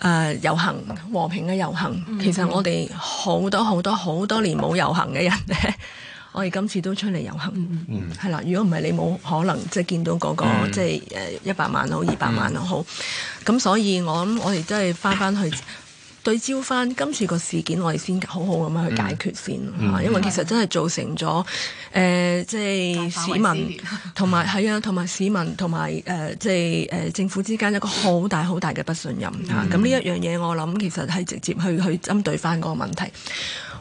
Speaker 6: 誒遊行和平嘅遊行，遊行嗯、其實我哋好多好多好多,多,多,多年冇遊行嘅人咧。 我哋今次都出嚟遊行，係啦、嗯。如果唔係，你冇可能即係見到嗰、那個、嗯、即係誒一百萬好，二百萬又好、好。咁、嗯、所以我諗，我哋真係翻翻去對焦翻今次個事件，我哋先好好咁樣去解決先。嗯嗯、因為其實真係造成咗誒、呃，即係市民同埋係啊，同埋、嗯、市民同埋誒，即係誒、呃、政府之間一個好大好大嘅不信任嚇。咁呢一樣嘢，嗯嗯、我諗其實係直接去去針對翻個問題。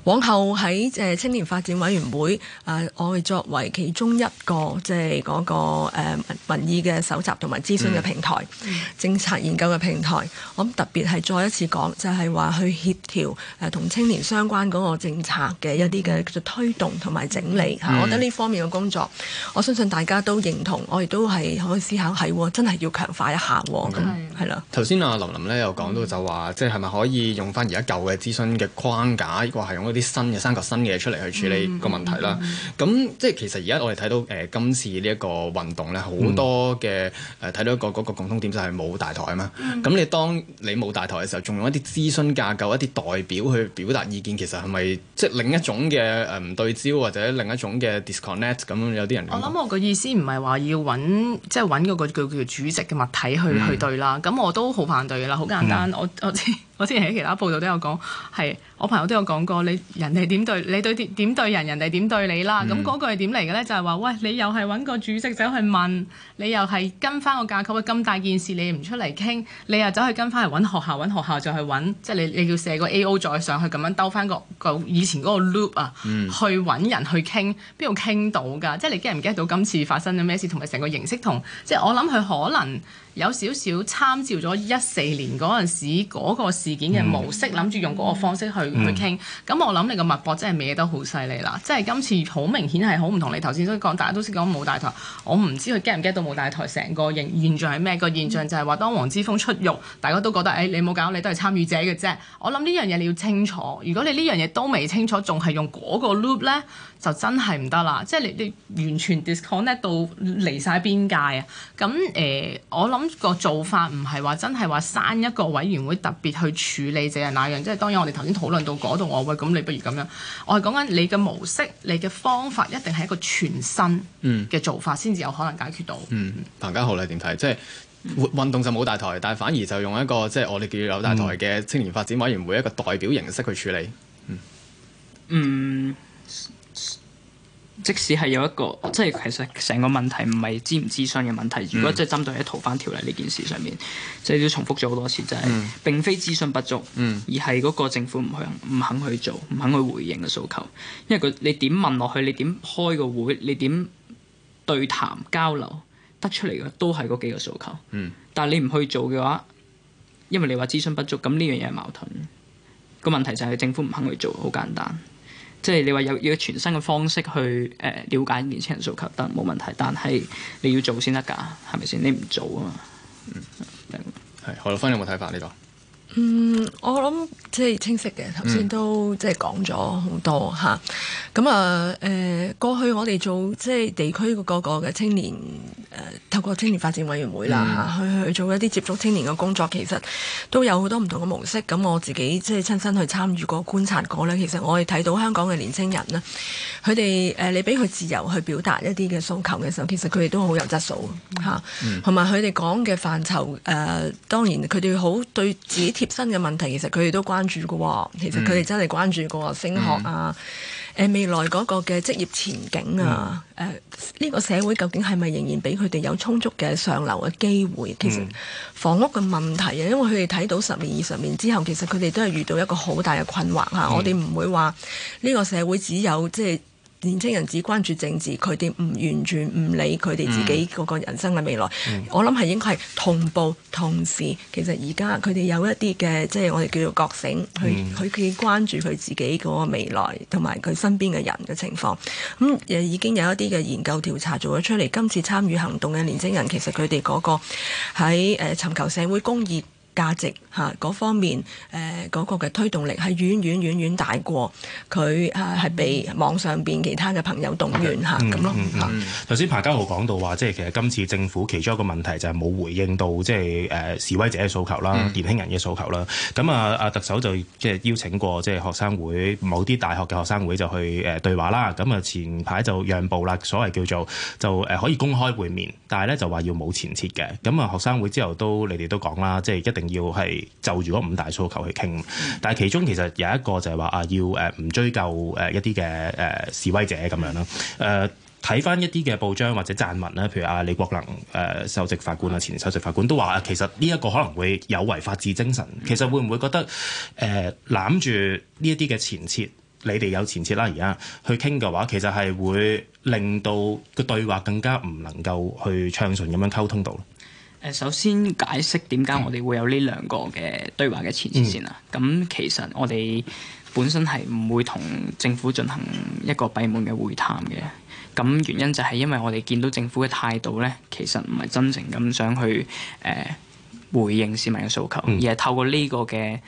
Speaker 6: 往後喺誒青年發展委員會，誒我哋作為其中一個即係嗰個民意嘅搜集同埋諮詢嘅平台、嗯、政策研究嘅平台，我諗特別係再一次講就係、是、話去協調誒同青年相關嗰個政策嘅一啲嘅推動同埋整理嚇，嗯、我覺得呢方面嘅工作，我相信大家都認同，我亦都係可以思考，係、哦、真係要強化一下喎、哦，咁係咯。
Speaker 3: 頭先阿林琳咧又講到就話即係係咪可以用翻而家舊嘅諮詢嘅框架？呢個係用。啲新嘅生個新嘅嘢出嚟去處理個問題啦。咁即係其實而家我哋睇到誒今次呢一個運動咧，好多嘅誒睇到一個嗰個共通點就係冇大台啊嘛。咁你當你冇大台嘅時候，仲用一啲諮詢架構、一啲代表去表達意見，其實係咪即係另一種嘅誒唔對焦或者另一種嘅 disconnect 咁？有啲人我諗
Speaker 7: 我個意思唔係話要揾即係揾個叫叫主席嘅物體去去對啦。咁我都好反對㗎啦。好簡單，我我我之前喺其他報道都有講，係我朋友都有講過你。人哋點對你對點點對人，人哋點對你啦。咁嗰句係點嚟嘅咧？就係話，喂，你又係揾個主席走去問，你又係跟翻個架構咁大件事，你唔出嚟傾，你又走去跟翻嚟揾學校揾學校，就去揾即係你你叫射個 A O 再上去咁樣兜翻個以前嗰個 loop 啊，嗯、去揾人去傾，邊度傾到噶？即係你 get 唔 get 到今次發生咗咩事，同埋成個形式同即係我諗佢可能。有少少參照咗一四年嗰陣時嗰個事件嘅模式，諗住用嗰個方式去去傾。咁、嗯嗯、我諗你個脈搏真係歪得好犀利啦！即係今次好明顯係好唔同你頭先所講，大家都識講冇大台。我唔知佢 get 唔 get 到冇大台成個現現象係咩？嗯、個現象就係話當黃之鋒出獄，大家都覺得誒、哎，你冇搞，你都係參與者嘅啫。我諗呢樣嘢你要清楚，如果你呢樣嘢都未清楚，仲係用嗰個 loop 咧？就真係唔得啦，即係你你完全 disconnect 到離晒邊界啊。咁誒、呃，我諗個做法唔係話真係話刪一個委員會特別去處理這樣那樣，即係當然我哋頭先討論到嗰度，我喂，咁你不如咁樣。我係講緊你嘅模式、你嘅方法，一定係一個全新嘅做法先至有可能解決到、嗯。
Speaker 3: 彭家浩你點睇？即係活運動就冇大台，但係反而就用一個即係我哋叫有大台嘅青年發展委員會一個代表形式去處理。嗯。
Speaker 4: 嗯。即使係有一個，即係其實成個問題唔係諮唔諮詢嘅問題。嗯、如果即係針對喺逃犯條例呢件、這個、事上面，即係都重複咗好多次，就係、是嗯、並非諮詢不足，嗯、而係嗰個政府唔去唔肯去做，唔肯去回應嘅訴求。因為佢你點問落去，你點開個會，你點對談交流，得出嚟嘅都係嗰幾個訴求。嗯、但係你唔去做嘅話，因為你話諮詢不足，咁呢樣嘢係矛盾。個問題就係政府唔肯去做，好簡單。即係你話有要全新嘅方式去誒瞭解年輕人訴求得冇問題，但係你要做先得㗎，係咪先？你唔做啊嘛，嗯，係、嗯。何玉芬有冇睇法呢個？嗯，
Speaker 6: 我諗即係清晰嘅，頭先都即係講咗好多吓。咁、嗯、啊誒，過去我哋做即係地區嗰個嘅青年。誒透過青年發展委員會啦，嗯、去去做一啲接觸青年嘅工作，其實都有好多唔同嘅模式。咁我自己即係親身去參與過、觀察過呢。其實我哋睇到香港嘅年輕人呢，佢哋誒你俾佢自由去表達一啲嘅訴求嘅時候，其實佢哋都好有質素，同埋佢哋講嘅範疇誒、呃，當然佢哋好對自己貼身嘅問題，其實佢哋都關注㗎喎。其實佢哋真係關注過升學啊。嗯嗯嗯誒、呃、未來嗰個嘅職業前景啊，誒呢、嗯呃這個社會究竟係咪仍然俾佢哋有充足嘅上流嘅機會？其實房屋嘅問題啊，因為佢哋睇到十年二十年之後，其實佢哋都係遇到一個好大嘅困惑嚇。嗯、我哋唔會話呢個社會只有即係。就是年青人只關注政治，佢哋唔完全唔理佢哋自己嗰個人生嘅未來。Mm. 我諗係應該係同步同時，其實而家佢哋有一啲嘅，即係我哋叫做覺醒，佢佢佢關注佢自己嗰個未來同埋佢身邊嘅人嘅情況。咁、嗯、又已經有一啲嘅研究調查做咗出嚟，今次參與行動嘅年青人，其實佢哋嗰個喺誒尋求社會公義價值嚇嗰方面，誒、呃、嗰、那個嘅推動力係遠遠遠遠大過佢嚇係畀網上邊其他嘅朋友動員嚇咁 Okay. 咯。
Speaker 5: 頭先彭家浩講到話，即係其實今次政府其中一個問題就係冇回應到即係誒、呃、示威者嘅訴求啦、年輕人嘅訴求啦。咁啊啊特首就即係邀請過即係學生會某啲大學嘅學生會就去誒對話啦。咁啊前排就讓步啦，所謂叫做就誒可以公開會面，但係咧就話要冇前設嘅。咁啊學生會之後都你哋都講啦，即係一定。要係就住嗰五大訴求去傾，但係其中其實有一個就係話啊，要誒唔追究誒一啲嘅誒示威者咁樣啦。誒睇翻一啲嘅報章或者撰文咧，譬如啊李國能誒、啊、首席法官啊，前首席法官都話啊，其實呢一個可能會有違法治精神。其實會唔會覺得誒攬住呢一啲嘅前設，你哋有前設啦，而家去傾嘅話，其實係會令到個對話更加唔能夠去暢順咁樣溝通到。
Speaker 4: 首先解釋點解我哋會有呢兩個嘅對話嘅前提、嗯、先啦。咁其實我哋本身係唔會同政府進行一個閉門嘅會談嘅。咁原因就係因為我哋見到政府嘅態度咧，其實唔係真誠咁想去、呃、回應市民嘅訴求，嗯、而係透過呢個嘅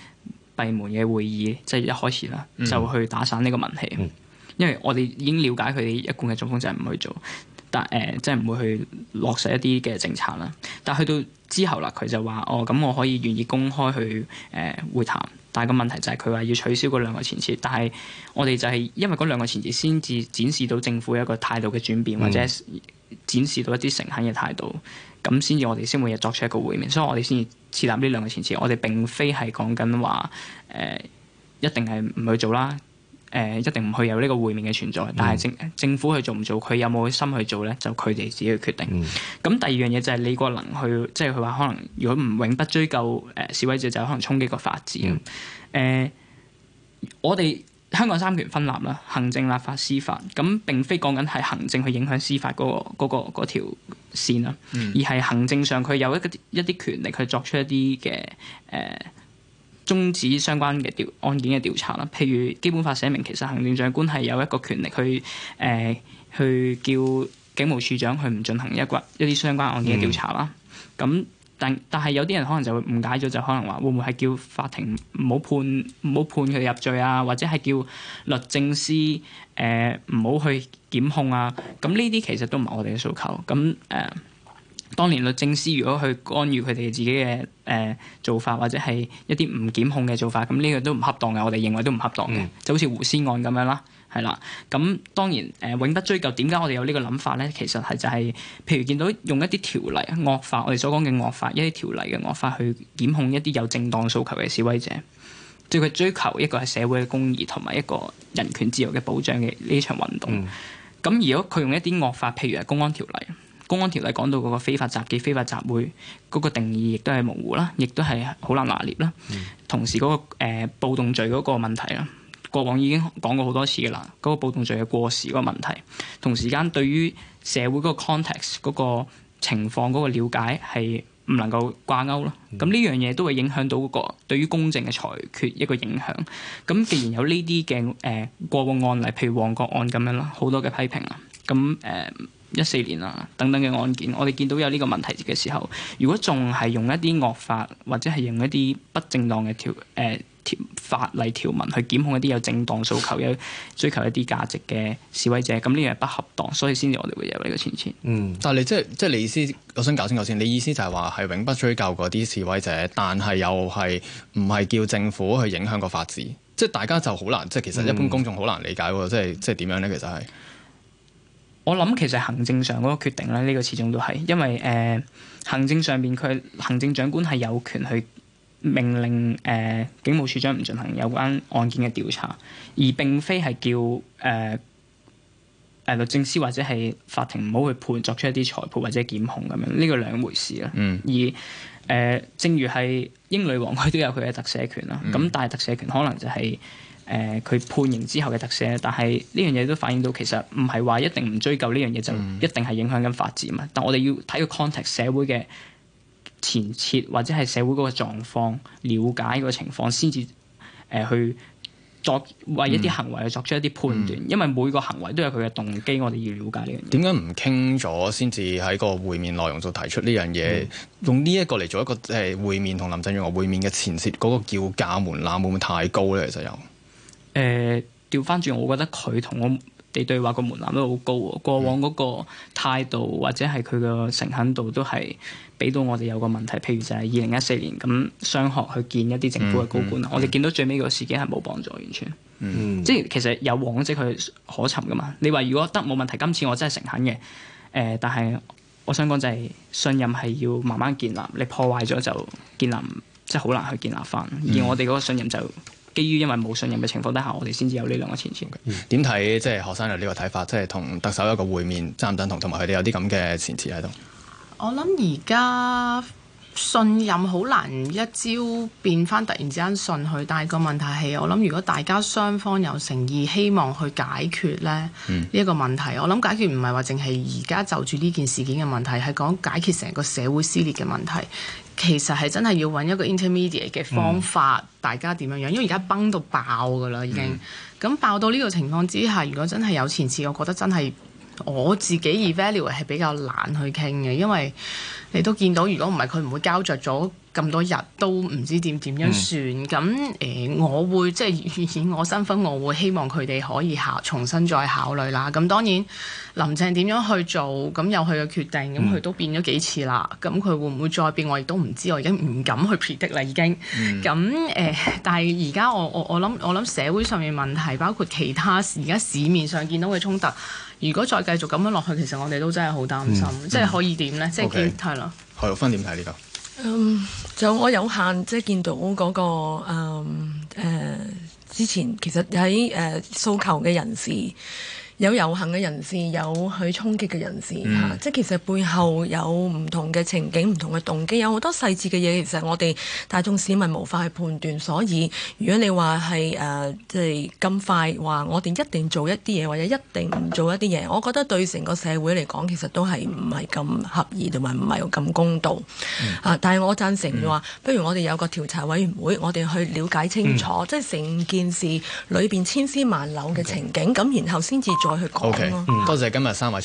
Speaker 4: 閉門嘅會議，即、就、係、是、一開始啦，就去打散呢個民氣。嗯、因為我哋已經了解佢哋一貫嘅作風就係唔去做。但誒、呃，即係唔會去落實一啲嘅政策啦。但去到之後啦，佢就話：哦，咁我可以願意公開去誒、呃、會談。但係個問題就係佢話要取消嗰兩個前設。但係我哋就係因為嗰兩個前設，先至展示到政府一個態度嘅轉變，或者展示到一啲誠懇嘅態度，咁先至我哋先會作出一個會面。所以我哋先至設立呢兩個前設。我哋並非係講緊話誒，一定係唔去做啦。誒、呃、一定唔去有呢個會面嘅存在，但係政、嗯、政府去做唔做，佢有冇心去做呢，就佢哋自己去決定。咁、嗯、第二樣嘢就係李國能去，即係佢話可能，如果唔永不追究誒、呃、示威者，就可能衝擊個法治。嗯呃、我哋香港三權分立啦，行政、立法、司法，咁並非講緊係行政去影響司法嗰、嗰個嗰、嗰個嗰條線啦，而係行政上佢有一一啲權力去作出一啲嘅誒。呃中止相關嘅調案件嘅調查啦，譬如基本法寫明，其實行政長官係有一個權力去誒、呃、去叫警務處長去唔進行一一啲相關案件嘅調查啦。咁、嗯、但但係有啲人可能就會誤解咗，就可能話會唔會係叫法庭唔好判唔好判佢入罪啊，或者係叫律政司誒唔好去檢控啊？咁呢啲其實都唔係我哋嘅訴求。咁誒。呃當年律政司如果去干預佢哋自己嘅誒、呃、做法，或者係一啲唔檢控嘅做法，咁呢個都唔恰當嘅。我哋認為都唔恰當嘅，嗯、就好似胡仙案咁樣啦，係啦。咁當然誒、呃，永不追究點解我哋有個呢個諗法咧？其實係就係、是、譬如見到用一啲條例惡法，我哋所講嘅惡法，一啲條例嘅惡法去檢控一啲有正當訴求嘅示威者，即對佢追求一個係社會嘅公義同埋一個人權自由嘅保障嘅呢場運動。咁、嗯、如果佢用一啲惡法，譬如係公安條例。公安條例講到嗰個非法集結、非法集會嗰個定義亦，亦都係模糊啦，亦都係好難拿捏啦。嗯、同時嗰、嗰個、呃、暴動罪嗰個問題啦，過往已經講過好多次㗎啦，嗰、嗰個暴動罪嘅過時嗰個問題，同時間對於社會嗰個 context 嗰個情況嗰個了解係唔能夠掛鈎囉。咁呢、嗯、樣嘢都會影響到嗰個對於公正嘅裁決一個影響。咁既然有呢啲嘅誒過往案例，譬如旺角案咁樣啦，好多嘅批評啦，咁誒。呃一四年啊，等等嘅案件，我哋見到有呢個問題嘅時候，如果仲係用一啲惡法，或者係用一啲不正當嘅條誒條、呃、法例條文去檢控一啲有正當訴求、 有追求一啲價值嘅示威者，咁呢樣係不合當，所以先至我哋會有呢個前瞻。嗯，但係你即係即係你意思，我想搞清楚先。你意思就係話係永不
Speaker 3: 追究嗰啲示威者，但係又係唔係叫政府去影響個法治？即係大家就好難，嗯、即係其實一般公眾好難理解喎。即係即係點樣咧？其實係。
Speaker 4: 我諗其實行政上嗰個決定咧，呢、這個始終都係，因為誒、呃、行政上邊佢行政長官係有權去命令誒、呃、警務處長唔進行有關案件嘅調查，而並非係叫誒、呃呃、律政司或者係法庭唔好去判作出一啲裁判或者檢控咁樣，呢個兩回事啦。嗯、而誒、呃，正如係英女王佢都有佢嘅特赦權啦，咁、嗯、但係特赦權可能就係、是。誒佢、呃、判刑之後嘅特赦但係呢樣嘢都反映到其實唔係話一定唔追究呢樣嘢就一定係影響緊法治嘛。但我哋要睇個 context 社會嘅前設或者係社會嗰個狀況，瞭解個情況先至誒去作為一啲行為去作出一啲判斷，嗯嗯、因為每個行為都有佢嘅動機，我哋要了解呢樣
Speaker 3: 嘢。點解唔傾咗先至喺個會面內容度提出呢樣嘢？嗯、用呢一個嚟做一個誒會面同林鄭月娥會面嘅前設嗰、那個叫價門檻會唔會太高咧？其實又。
Speaker 4: 誒調翻轉，我覺得佢同我哋對話個門檻都好高喎、啊。過往嗰個態度或者係佢嘅誠懇度都係俾到我哋有個問題。譬如就係二零一四年咁雙學去見一啲政府嘅高官，嗯嗯、我哋見到最尾個事件係冇幫助完全。嗯、即係其實有往績去可尋噶嘛。你話如果得冇問題，今次我真係誠懇嘅。誒、呃，但係我想講就係信任係要慢慢建立，你破壞咗就建立即係好難去建立翻。而我哋嗰個信任就。基於因為冇信任嘅情況底下，我哋先至有呢兩個前設。
Speaker 3: 點睇即係學生有呢個睇法？即係同特首一個會面，贊唔贊同？同埋佢哋有啲咁嘅前設喺度。
Speaker 7: 我諗而家信任好難一朝變翻突然之間信佢，但係個問題係我諗，如果大家雙方有誠意，希望去解決咧呢一、嗯、個問題，我諗解決唔係話淨係而家就住呢件事件嘅問題，係講解決成個社會撕裂嘅問題。其實係真係要揾一個 intermediate 嘅方法，嗯、大家點樣樣？因為而家崩到爆噶啦，已經咁、嗯、爆到呢個情況之下，如果真係有前次，我覺得真係我自己 evaluate 係比較難去傾嘅，因為。你都見到，如果唔係佢唔會膠着咗咁多日，都唔知點樣，點樣算。咁誒、嗯呃，我會即係以我身份，我會希望佢哋可以考重新再考慮啦。咁當然林鄭點樣去做，咁有佢嘅決定，咁佢都變咗幾次啦。咁佢會唔會再變，我亦都唔知。我已經唔敢去 predict 啦，已經。咁誒、嗯呃，但係而家我我我諗我諗社會上面問題，包括其他而家市面上見到嘅衝突。如果再繼續咁樣落去，其實我哋都真係好擔心，嗯、即係可以點呢？即係係啦。
Speaker 3: 何玉芬點睇呢、呢個？嗯
Speaker 6: ，um,
Speaker 7: 就我有限即係、就是、見到嗰、嗰個嗯、um, uh,
Speaker 6: 之前其實喺誒、uh, 訴求嘅人士。有遊行嘅人士，有去衝擊嘅人士吓，嗯、即係其實背後有唔同嘅情景、唔同嘅動機，有好多細節嘅嘢，其實我哋大眾市民無法去判斷，所以，如果你話係誒即係咁快話，我哋一定做一啲嘢，或者一定唔做一啲嘢，我覺得對成個社會嚟講其實都係唔係咁合意同埋唔係咁公道、嗯、啊！但係我贊成話不、嗯、如我哋有個調查委員會，我哋去了解清楚，嗯、即係成件事裏邊千絲萬縷嘅情景，咁、嗯、然後先至做。O.K.，多
Speaker 3: 謝今日三位。